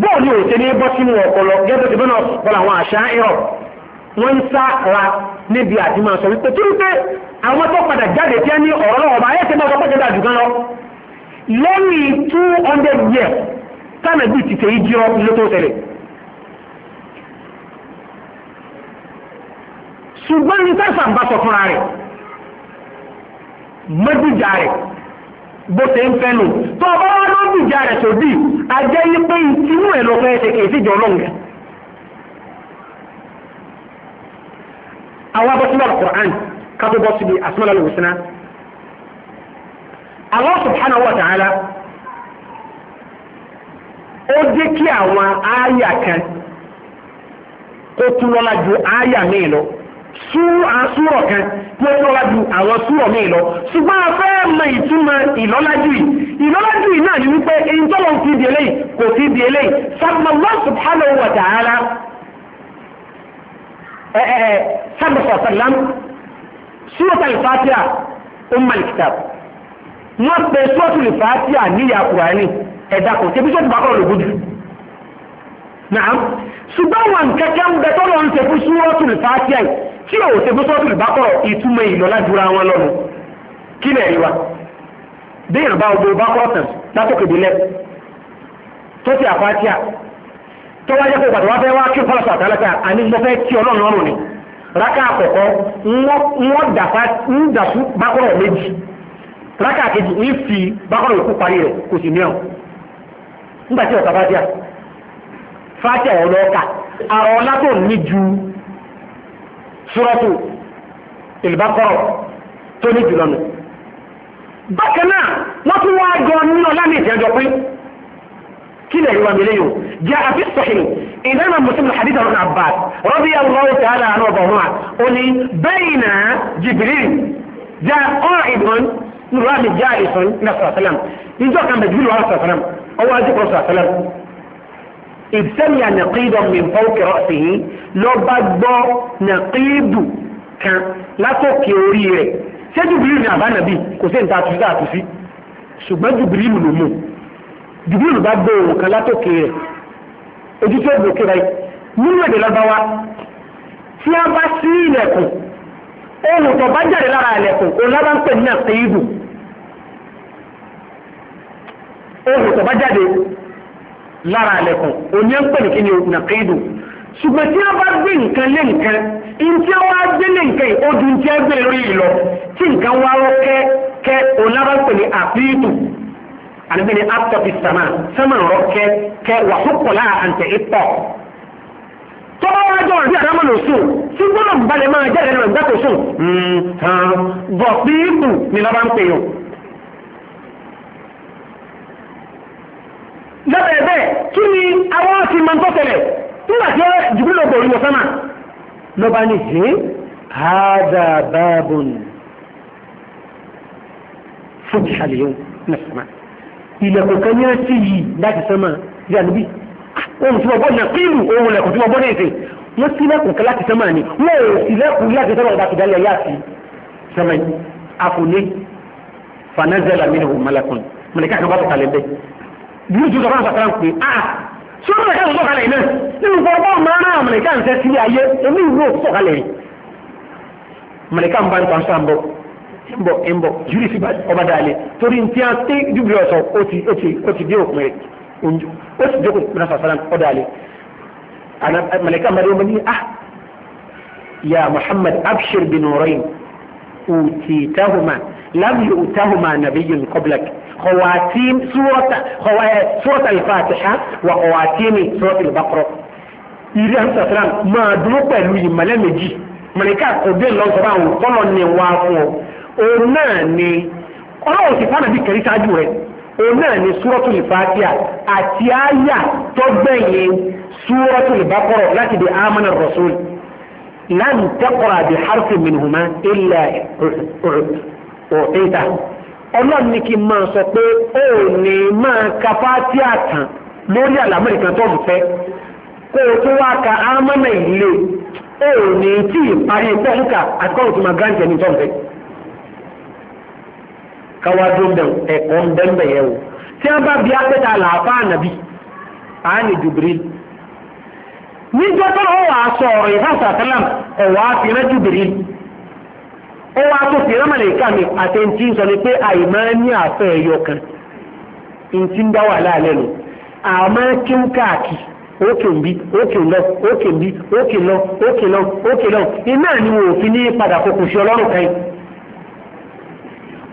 bọ́ọ̀ ni òṣèlú bọ́ sínú ọ̀pọ̀lọ gẹ́gẹ́ bí wọ́n náà kọ́ àwọn àṣà ẹ̀rọ wọ́n ń sá ra níbi àti máa sọ wípé torí pé àwọn tó padà jáde tí ẹ ní ọ̀rọ̀ lọ́wọ́ bá ẹ̀ẹ́sẹ̀ máa sọ pé jẹ́ dájú gan lọ lẹ́yìn two hundred years tánàbí ti tẹ̀ ìjọ ló tó tẹ̀lé ṣùgbọ́n ní sáfà ń bá sọ fúnra rẹ̀ mọ́dújà rẹ̀ bó ṣe ń fẹ́ nù tó ọba wọn ló dùjà rẹ̀ sódì ajẹ́ pé ìtinú ẹ̀ lọ́fẹ́ ṣe kèé síjọ ọlọ́run àwọn abọ́sílẹ̀ alukur'an kátó bọ́ síbi asúmọ́lá lòwòsínà Allah subhanahu wa ta'ala ó jẹ́ kí àwọn aya kan kó tún lọ́la ju àyà míì lọ súrọ̀ kan tí ó lọ́la ju àwọn súrọ̀ míì lọ ṣùgbọ́n a mọ ìtumọ̀ ìlọ́lájú yìí ìlọ́lájú yìí náà ni wípé èyí tó lọ́n صلى الله عليه وسلم سورة الفاتحة أم الكتاب wọ́n pe sọ́ọ̀tù lè fàátì àníyà kùránì ẹ̀dá kò tẹ́bí sọ́ọ̀tù bá kọ́ lò gbójú náà ṣùgbọ́n wọn kẹ́kẹ́ ń bẹ tọ́lọ ń tẹ́bí sọ́ọ̀tù lè fàátì àì tí ò wọn wa bí tó wáyé kó gbàdúrà fẹ́ wá kí fọlọ́sọ àtàlẹ́kà àní mo fẹ́ kí ọlọ́run ni rákà àkọ́kọ́ wọ́n dàfà ń dàfú bákọ́rọ̀ méjì fi bákọ́rọ̀ yòókù parí rẹ̀ kò sì ní nígbà tí ọ̀tá fàtíà fàtíà ọlọ́ọ̀ka àrọ̀ ọlá ní ju súrọ́tù ìlbákọ́rọ̀ tó ní jùlọ nù bákan náà جاء في الصحيح إمام مسلم الحديث عن ابن عباس رضي الله تعالى عنه وضعهما قل بين جبريل جاء قائد من رامي جالس السلام إن الله عليه وسلم يجوا كان بجبريل وعلى صلى الله أو أجيب رسول الله إذ نقيدا من فوق رأسه لو بدو نقيد كان لا توكي أوريه سيجبريل من أبا نبي كسين تاتوسي تاتوسي ṣùgbọ́n jùbìrìlù ló mú jùbìrìlù bá gbé òun kan látòkè ojú tó gbòkè báyìí nínú èdè lọ́gbàwá tí a bá sí ilẹ̀kùn ohun tó bá jáde lára ilẹ̀kùn òun lábá ń pè ní ohun tó bá jáde lára ilẹ̀kùn òun ń pè ní kíni ṣùgbọ́n tí a bá gbé nǹkan lé nǹkan ìǹtí a wá gbé lé nǹkan yìí ó dùn tí a gbé lórí ìlọ tí nǹkan wá anabini atọ fi sama sama rọ kẹ kẹ wà hókòlá àǹtẹ ìtọ tọ́ba máa jọ ọ̀rọ̀ bí àdámọ̀ lò sùn tí gbọ́dọ̀ balẹ̀ máa jẹ́ ẹ̀rọ ìgbà tó sùn hmm, bọ̀ píìpù ni lọ́ba ń pè yàn. lọ́bẹ̀ bẹ́ẹ̀ kí ni àwọn ti máa ń tọ́ nígbà tí jùbílò bò orí ọ̀sánà lọ́ba ní ṣe hádà báàbùn fún ìṣàlẹ̀ yóò ní ilẹ̀kùn kan yẹn sí yìí láti sánmà sí àníbí ah, ohun tí wọ́n bọ́ nàkílù ohun ilẹ̀kùn tí wọ́n bọ́ nẹ́ẹ̀sẹ̀ wọ́n sí ilẹ̀kùn kan láti sánmà ni wọ́n ò sí ilẹ̀kùn láti sánmà ọba kìdálẹ̀ ayé àti sánmà yìí àkùnlé fanazala minhu malakun mọ̀lẹ́kà kan bá tó kalẹ̀ bẹ́ẹ̀ bí ojú sọ fún àṣà ah, kan ńbọ̀ ńbọ̀ júlì sí ọba dalẹ̀ torí ntí a ti júbìlì ọ̀sọ̀ ó ti ó ti ó ti dé òpin rẹ̀ ó ti dé òpin rẹ̀ sàfàlà ọba dalẹ̀ mẹlẹ́kà mẹ́rin ọmọ ní ah ya Muhammad abshir bin nurayn utitahuma lam yu'tahuma nabiyyun qablak خواتيم سورة سورة الفاتحة وخواتيم سورة البقرة ìrí àmì sàfihàn máa dúró pẹ̀lú ìmọ̀lẹ́ méjì mẹ̀lẹ́kà kò dé lọ́sọ̀rọ̀ àwọn kọ́lọ̀ ní wá fún ọ òun náà ni ọlọ́run sì fánà bí kẹrí ṣáájú rẹ̀ òun náà ni súrọ́tùlì fàtíà àti àyà tó gbẹ̀yìn súrọ́tùlì láti di amánà rọ̀sùl láti tẹ́kọ̀rọ̀ àbí harfi mìnhùmá ilẹ̀ òtẹ́ta ọlọ́run kí n máa sọ pé ó ní ka tán lórí ìkan o ka káwá dóńbẹ̀ ẹ̀kọ́ ń bẹ́ńbẹ̀ yẹ o tí wọ́n bá bí apẹ́ta ni ànàbí àánì Jibril níjọ́ tó ń wà sọ ọ̀rọ̀ ìfọ̀sà sálàm ọ̀wà fìrẹ́ Jibril ó wá tó fìrẹ́ mọ̀lẹ́kà mi àtẹ̀ntì sọ ni pé àìmọ́ ní àfẹ́ ẹ̀yọ kan ntí ń dá wà láàlẹ́ nù àmọ́ kí ń káàkiri ókè ń bí ókè lọ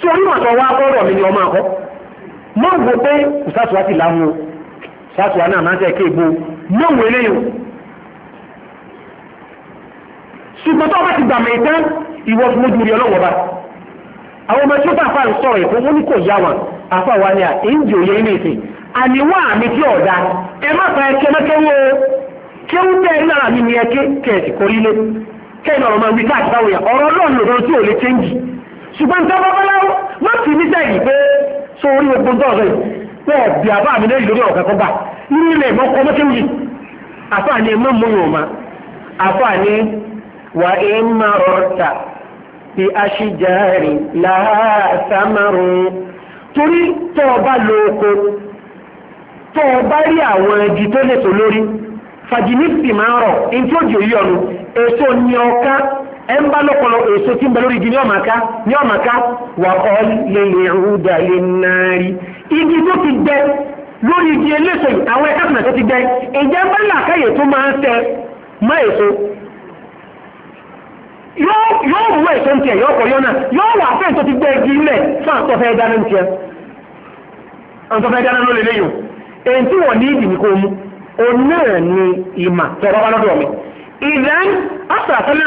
tí onímọ̀tọ̀ wá bọ́rọ̀ mi ni ọmọ àkọ́ mọ́ pé ìsàtúwá ti láhùn o ìsàtúwá náà máa ń tẹ̀ mọ́ wo eléyìí o ṣùgbọ́n tó bá ti gbàmọ̀ ìtàn ìwọ rí ọlọ́wọ́ bá àwọn ọmọ tí ó fàfà ń kò yá wọn wa ni à ń jò yẹ ìsìn àníwá tí ọ̀dà ẹ má fa ẹkẹ ẹ ṣùgbọ́n tó bá bọ́láwọ́ má fi ní sẹ́yìn pé so orí ogun tó ọ̀rọ̀ yìí bẹ́ẹ̀ bí àbá mi lẹ́yìn lórí ọ̀kẹ́kọ́ gbà nínú ilẹ̀ mọ́ kọ́ mọ́kẹ́ wuyì àfààní mọ́ mú yòó ma àfààní wà é má rọ̀ta bí aṣíjàárì láàásámárùn torí tó o bá lo oko tó o bá rí àwọn ẹbí tó lè tó lórí fàjìnnìfì máa ń rọ̀ ní tí ó jò yí ọ̀nù èso ni ọ̀ká ẹn bá lọ́pọ̀lọ́ èso tí ń bẹ lórí igi ní ọ̀màká ní ọ̀màká wà ọ́ lèlè rúdà lè nàárí igi tó ti gbẹ lórí igi eléso yìí àwọn ẹ̀ka fúnà tó ti gbẹ ìjẹ́ bá làkàyè tó máa ń tẹ má èso yóò mú èso ń tiẹ̀ yóò kọ̀ yọ́nà yóò wà fẹ́ẹ̀ tó ti gbẹ igi lẹ̀ fún àtọ́fẹ́ dáná ń tiẹ̀ àtọ́fẹ́ dáná ló lélẹ́yìn èyí tí wọ́n ní ìdì ní kò mú onáà ni ìmà tọ̀rọ̀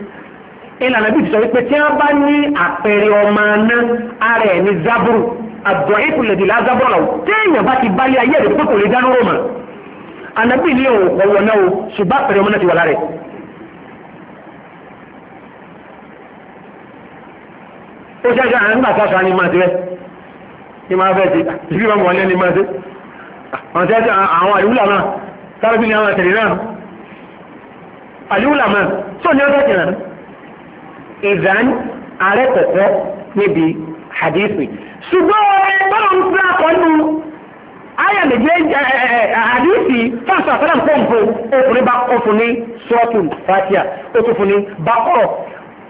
ìlànà bí ìtìsọ wípé tí wọ́n bá ní àpẹẹrẹ ọmọ aná ara ẹ̀ ní zaburu àdùn ìpìlẹ̀dì lá zaburu làwọ̀ tí èèyàn bá ti bálé ayé rẹ̀ pé kò lè dáná rò mọ̀ ànábì ilé ọ̀wọ̀ náà o ṣùgbọ́n àpẹẹrẹ ọmọ náà ti wà lára ẹ̀. ó ṣáṣá àwọn nígbà tó aṣọ ni máa ti rẹ̀ ni máa fẹ́ ti ìbí bá wọlé ni máa ti àwọn tí àwọn àyúlà náà tábìlì àwọn àtẹ̀lẹ̀ náà àyúlà náà tó ní ọjọ́ ìrànlọ́ ìdán ààrẹ tẹ̀tẹ̀ níbi hadithi ṣùgbọ́n bọ́lá ń fún akọ́nù ayà méjèèjì hadithi fásitì àtàlà pọ̀npọ̀ ọkùnrin bá kọ́ fún ní sọ́ọ̀tù fatia ó tún fún ní bákọ́rọ̀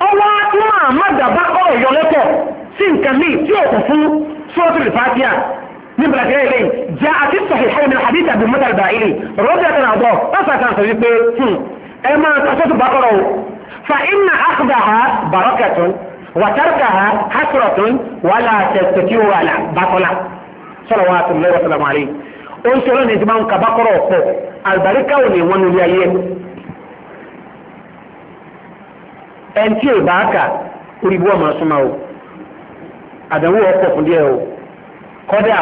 ọwọ́ tí wọ́n àmàdà bákọ́rọ̀ yọ lẹ́tọ̀ sí nǹkan míì tí ó kún fún sọ́ọ̀tù fatia níbi àti ilé jẹ́ àti sọ̀hìhẹ́ ní hadith àbí mọ́tàlbà ilé rọ́bì àtàlà àbọ̀ sọ wípé hmm, ẹ máa sọ́ọ̀tù bákọ́rọ̀ o فإن أخذها بركة وتركها حسرة ولا تستطيع على بطلة صلوات الله وسلامه عليه ó ṣe lónìí tí máa ń ka bákọ́rọ̀ ọ̀pọ̀ àlùbáríkà ò ní wọn nílé ayé ẹn tí èèbà kà orí bí wọn máa súnmọ́ o àdánwò ọ̀pọ̀ fún díẹ̀ o kọ́dà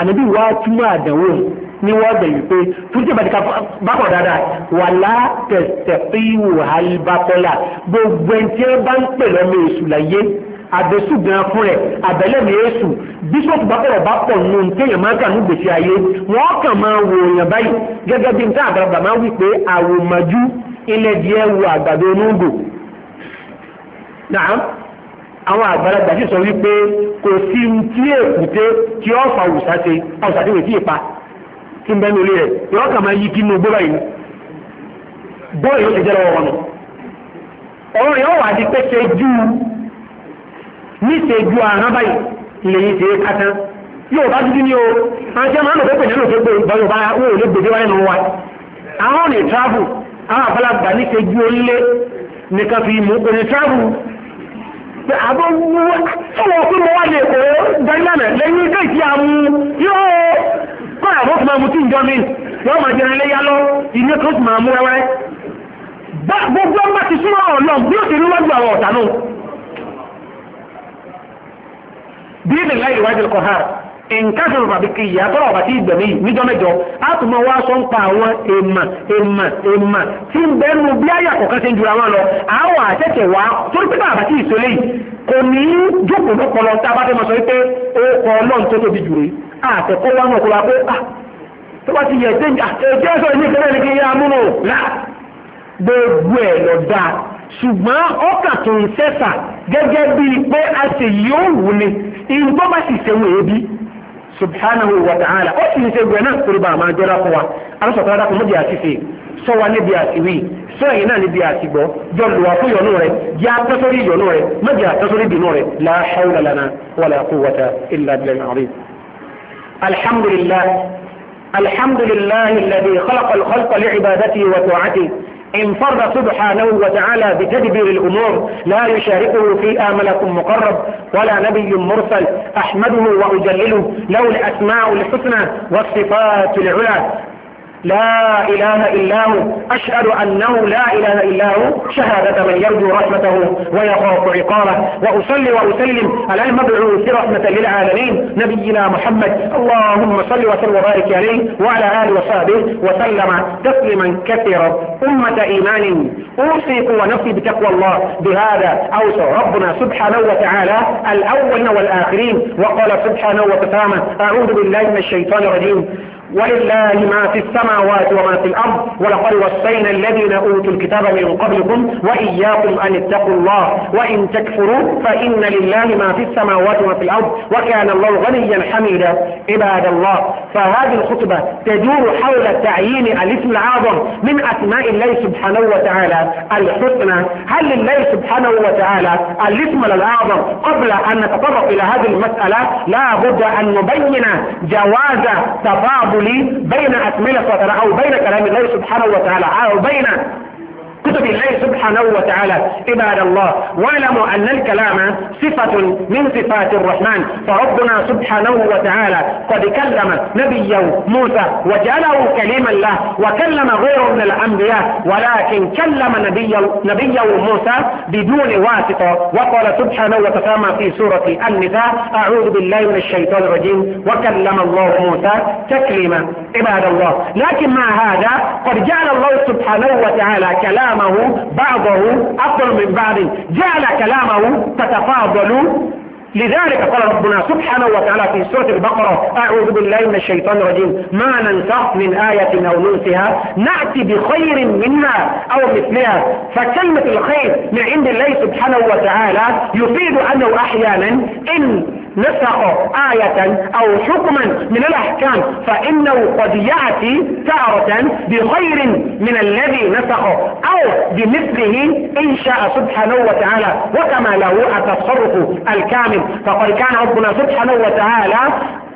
ànábì wàá túmọ̀ àdánwò yìí ní wọ́ọ̀dẹ̀ yìí pé fúrúkì bàtìkà bákọ̀ dáadáa wà látẹ̀tẹ̀ pé ìwò àìbákọ́là gbogbo ẹni tí wọ́n bá ń pè lọ́mọ èṣù láyé àbẹ̀sù gan fún rẹ̀ àbẹ̀lẹ̀mí èṣù bíṣọ̀pù bákọ̀rọ̀ bá pọ̀ nù téèyàn máa kà ní gbèsè ayé wọ́n kàn máa wò èèyàn báyìí gẹ́gẹ́ bí nǹkan àgbàlagbà máa wí pé àwòmọ̀jú ilẹ̀ díẹ̀ wo àgbàdo onúgbò náà àwọn àgbàlagbà sì sọ wípé kò sí ti èkúté tí ó fa òṣàṣe òṣàṣe wèé tí ì pa tí ń bẹ́ lórí rẹ̀ yọ́ kà máa yí kí inú gbọ́rọ̀ yìí bọ́ọ̀lù yóò ti jẹ́ lọ́wọ́ ọ̀rọ̀ yóò wà ní àrán báyìí lèyìn ṣe kátá yóò bá dúdú ní o àti ọmọ àlọ́ pẹ́pẹ́ nínú pẹ́pẹ́ ìbáyọ̀ bá wò lè gbèdé wáyé nù wa àwọn ní travel àwọn àbálàgbà ní ṣe onílé nìkan fi mú travel àbọ̀ wọ́n fún wọn pé mo wá lè kó lẹ́yìn ìtì àmú yóò kọ́nà wọ́n ti máa mú tí ìjọ mi wọ́n máa jẹrẹ lẹ́yà lọ ilé tó ti máa mú rẹ́wẹ́rẹ́ gbogbo ọgbà ti súnmọ́ ọ̀nà bí ó ti rí wájú àwọn ọ̀tá náà bí ìdè láì ìwájú kọ̀ ha nǹkan tó bàbí kì í yàtọ̀ ọ̀bà tí ìgbẹ̀mí níjọ́ mẹ́jọ á tún mọ wá sọ ń pa àwọn èèmà èèmà èèmà tí ń bẹnu bí àyà kọ̀ọ̀kan ṣe ń jura wọn lọ àwọn àṣẹ̀ṣẹ̀ wá torí pé bàbá tí ìṣòlè yìí kò ní í jókòó lọ́pọlọ tá a bá fẹ́ mọ sọ wípé ó kọ ọlọ́run tó tóbi jù rèé àtẹ̀kọ́ wà náà kó wa pé ah, tó bá ti yẹ ẹ̀jẹ̀ ẹ̀jẹ̀ sọ̀rọ̀ ní ìpínlẹ̀ nìkan yẹn amúnú là gbogbo ẹ̀ lọ dáa ṣùgbọ́n ọkà tó ń sẹ́sà gẹ́gẹ́ bíi pé a ṣe yóò wù ni ìgbọ́ bá sì ṣe wù ebi subhanahu wa ta'ala ó sì ń ṣe gbẹ̀rẹ̀ náà torí bá a máa jọ́ra fún wa alásọ̀tà dákun mọ́bi àti ṣe sọ wa níbi àtiwí sọ èyí náà níbi àtìgbọ́ jọ lù wá fún ìyọnú rẹ yá tẹ́sọ́rí ìyọnú rẹ mọ́bi àtẹ́sọ́rí ìdùnnú rẹ la hawla lana wala quwwata illa billahi الحمد لله الحمد لله الذي خلق الخلق لعبادته وطاعته انفرد سبحانه وتعالى بتدبير الأمور لا يشاركه فيها ملك مقرب ولا نبي مرسل أحمده وأجلله له الأسماء الحسنى والصفات العلى لا إله إلا هو أشهد أنه لا إله إلا هو شهادة من يرجو رحمته ويخاف عقابه وأصلي وأسلم على المبعوث رحمة للعالمين نبينا محمد اللهم صل وسلم وبارك عليه وعلى آله وصحبه وسلم تسليما كثيرا أمة إيمان أوصيك ونفسي بتقوى الله بهذا أوصى ربنا سبحانه وتعالى الأولين والآخرين وقال سبحانه وتعالى أعوذ بالله من الشيطان الرجيم ولله ما في السماوات وما في الأرض ولقد وصينا الذين أوتوا الكتاب من قبلكم وإياكم أن اتقوا الله وإن تكفروا فإن لله ما في السماوات وما في الأرض وكان الله غنيا حميدا عباد الله فهذه الخطبة تدور حول تعيين الاسم العظم من أسماء الله سبحانه وتعالى الحسنى هل لله سبحانه وتعالى الاسم الأعظم قبل أن نتطرق إلى هذه المسألة لا بد أن نبين جواز تفاضل لي بين أكملة وتعالى أو بين كلام الله سبحانه وتعالى أو بين كتب الله سبحانه وتعالى عباد الله واعلموا أن الكلام صفة من صفات الرحمن فربنا سبحانه وتعالى قد كلم نبيا موسى وجعله كليما له وكلم غيره من الأنبياء ولكن كلم نبيا نبي موسى بدون واسطة وقال سبحانه وتعالى في سورة النساء أعوذ بالله من الشيطان الرجيم وكلم الله موسى تكليما عباد الله لكن مع هذا قد جعل الله سبحانه وتعالى كلام كلامه بعضه أفضل من بعض جعل كلامه تتفاضل لذلك قال ربنا سبحانه وتعالى في سورة البقرة أعوذ بالله من الشيطان الرجيم ما ننسخ من آية أو ننسها نأتي بخير منها أو مثلها فكلمة الخير من عند الله سبحانه وتعالى يفيد أنه أحيانا إن نسخ آية أو حكما من الأحكام فإنه قد يأتي تارة بخير من الذي نسخ أو بمثله إن شاء سبحانه وتعالى وكما له التصرف الكامل فقد كان ربنا سبحانه وتعالى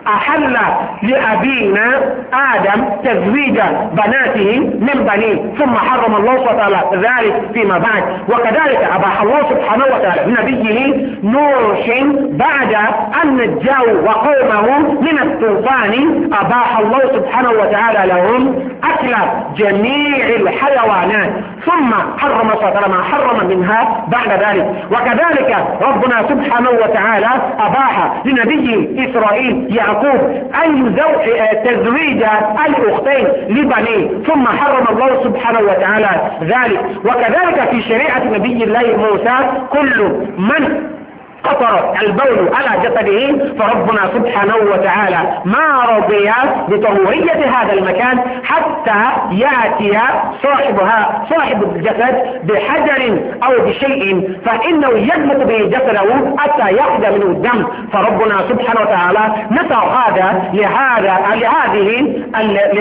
أحل لأبينا آدم تزويج بناته من بنيه ثم حرم الله سبحانه وتعالى ذلك فيما بعد وكذلك أباح الله سبحانه وتعالى نبيه نوح بعد أن نجاوا وقومه من الطوفان أباح الله سبحانه وتعالى لهم أكل جميع الحيوانات ثم حرم ما حرم منها بعد ذلك وكذلك ربنا سبحانه وتعالى أباح لنبيه إسرائيل يعني يعقوب أن آه، تزويج الأختين لبنيه ثم حرم الله سبحانه وتعالى ذلك وكذلك في شريعة نبي الله موسى كل من قطر البول على جسده فربنا سبحانه وتعالى ما رضي بطهورية هذا المكان حتى يأتي صاحبها صاحب الجسد بحجر أو بشيء فإنه يجمد به جسده حتى يأخذ منه الدم فربنا سبحانه وتعالى نسع هذا لهذا لهذه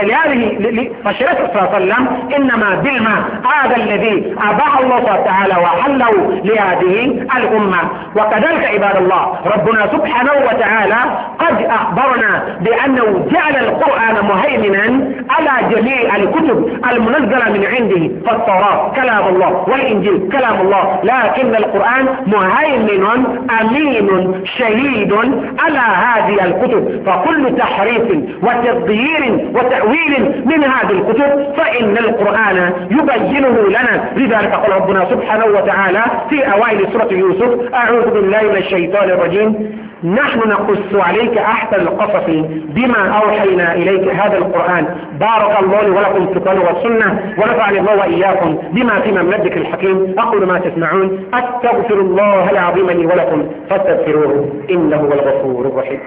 لهذه فشرة صلى الله عليه وسلم إنما بالماء هذا الذي أباه الله تعالى وحله لهذه الأمة وكذلك ذلك عباد الله ربنا سبحانه وتعالى قد أخبرنا بأنه جعل القرآن مهيمنا على جميع الكتب المنزلة من عنده فالتوراة كلام الله والإنجيل كلام الله لكن القرآن مهيمن أمين شهيد على هذه الكتب فكل تحريف وتضيير وتأويل من هذه الكتب فإن القرآن يبينه لنا لذلك قال ربنا سبحانه وتعالى في أوائل سورة يوسف أعوذ بالله بالله من الشيطان الرجيم نحن نقص عليك أحسن القصص بما أوحينا إليك هذا القرآن بارك الله لي ولكم في القرآن والسنة ونفعني الله وإياكم بما في مملك الحكيم أقول ما تسمعون أستغفر الله العظيم لي ولكم فاستغفروه إنه هو الغفور الرحيم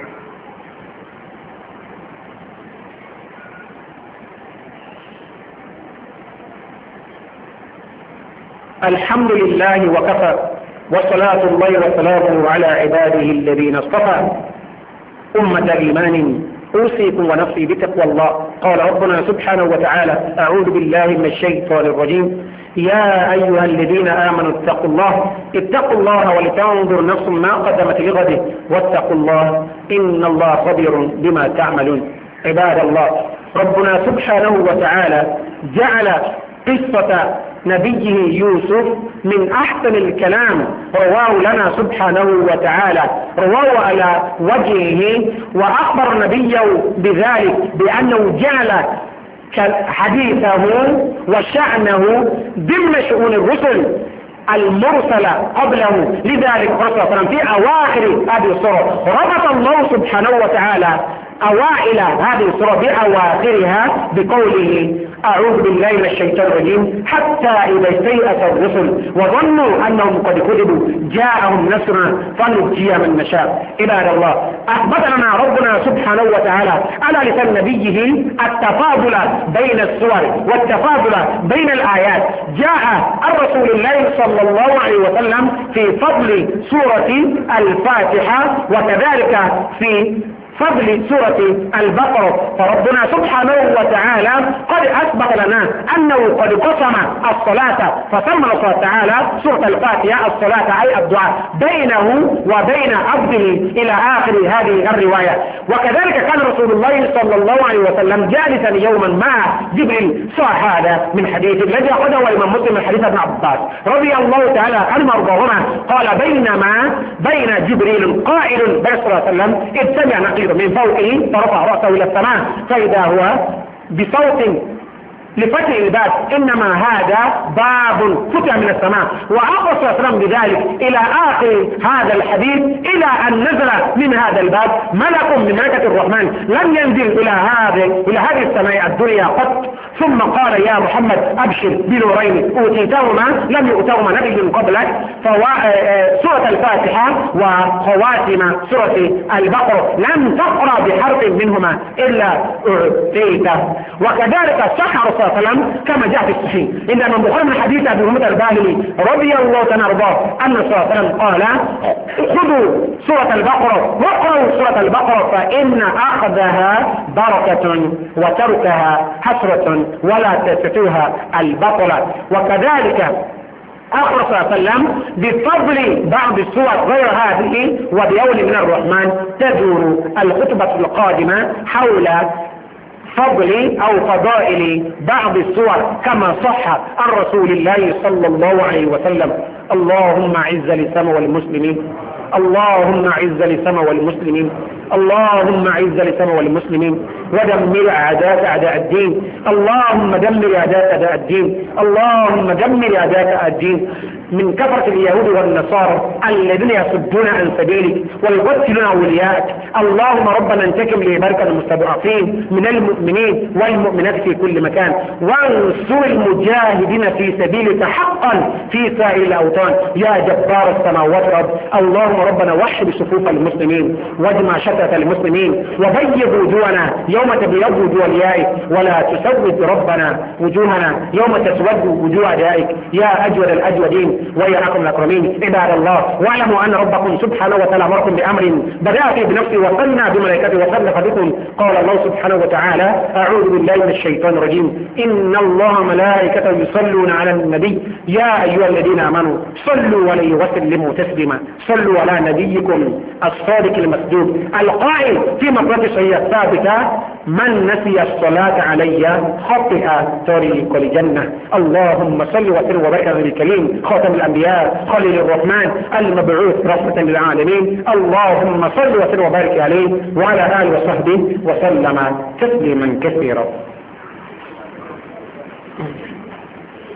الحمد لله وكفى وصلاة الله وسلامه على عباده الذين اصطفى أمة إيمان أوصيكم ونفسي بتقوى الله قال ربنا سبحانه وتعالى أعوذ بالله من الشيطان الرجيم يا أيها الذين آمنوا اتقوا الله اتقوا الله ولتنظر نفس ما قدمت لغده واتقوا الله إن الله خبير بما تعملون عباد الله ربنا سبحانه وتعالى جعل قصة نبيه يوسف من أحسن الكلام رواه لنا سبحانه وتعالى رواه على وجهه وأخبر نبيه بذلك بأنه جعل حديثه وشأنه ضمن شؤون الرسل المرسلة قبله لذلك رسول الله في أواخر هذه الصورة ربط الله سبحانه وتعالى أوائل هذه السورة بأواخرها بقوله أعوذ بالله من الشيطان الرجيم حتى إذا استيأس الرسل وظنوا أنهم قد كذبوا جاءهم نصرنا فنجي من نشاء عباد الله أثبتنا ربنا سبحانه وتعالى على لسان نبيه التفاضل بين السور والتفاضل بين الآيات جاء الرسول الله صلى الله عليه وسلم في فضل سورة الفاتحة وكذلك في فضل سورة البقرة فربنا سبحانه وتعالى قد أثبت لنا أنه قد قسم الصلاة فسمى الله تعالى سورة الفاتحة الصلاة أي الدعاء بينه وبين عبده إلى آخر هذه الرواية وكذلك كان رسول الله صلى الله عليه وسلم جالسا يوما مع جبريل صح هذا من حديث الذي أخذه الإمام مسلم من حديث ابن عباس رضي الله تعالى عنه وارضاهما قال بينما بين جبريل قائل بين صلى الله عليه وسلم اتبع نقل من فوقه فرفع رأسه إلى السماء فإذا هو بصوت لفتح الباب إنما هذا باب فتح من السماء وأقص أسلام بذلك إلى آخر هذا الحديث إلى أن نزل من هذا الباب ملك من ملكة الرحمن لم ينزل إلى هذه إلى هذه السماء الدنيا قط ثم قال يا محمد أبشر بنورين أوتيتهما لم يؤتهما نبي من قبلك آه، آه، سورة الفاتحة وخواتم سورة البقرة لم تقرأ بحرف منهما إلا أعطيته وكذلك سحر عليه وسلم كما جاء في الصحيح إن من بخار من حديث أبي هريرة الباهلي رضي الله تعالى عنه أن صلى الله عليه وسلم قال خذوا سورة البقرة واقرأوا سورة البقرة فإن أخذها بركة وتركها حسرة ولا تستوها البطلة وكذلك أخرى صلى الله عليه وسلم بفضل بعض السور غير هذه وبيول من الرحمن تدور الخطبة القادمة حول فضل أو فضائل بعض الصور كما صح عن رسول الله صلى الله عليه وسلم اللهم عز لسما والمسلمين اللهم عز لسما والمسلمين اللهم عز لسما والمسلمين ودمر أعداء أعداء الدين اللهم دمر أعداء أعداء الدين اللهم دمر أعداء الدين من كفرة اليهود والنصارى الذين يصدون عن سبيلك ويقتلون أولياءك اللهم ربنا انتكم لعبادك المستضعفين من المؤمنين والمؤمنات في كل مكان وانصر المجاهدين في سبيلك حقا في سائر الأوطان يا جبار السماوات رب اللهم ربنا وحد صفوف المسلمين واجمع شتات المسلمين وبيض وجوهنا يوم تبيض وجوه أوليائك ولا تسود ربنا وجوهنا يوم تسود وجوه أدائك يا أجود الأجودين الأكرمين وإياكم الأكرمين عباد الله واعلموا أن ربكم سبحانه وتعالى أمركم بأمر بدأت بنفسي بنفسه وقلنا بملائكته وصدق بكم قال الله سبحانه وتعالى أعوذ بالله من الشيطان الرجيم إن الله ملائكته يصلون على النبي يا أيها الذين آمنوا صلوا عليه وسلموا تسليما صلوا على نبيكم الصادق المسدود القائل في مقرات صحية الثابتة من نسي الصلاة علي خطئ طريق الجنة اللهم صل وسلم وبارك على الكريم خاطئ خاتم الأنبياء خليل الرحمن المبعوث رحمة للعالمين اللهم صل وسلم وبارك عليه وعلى آله وصحبه وسلم تسليما كثيرا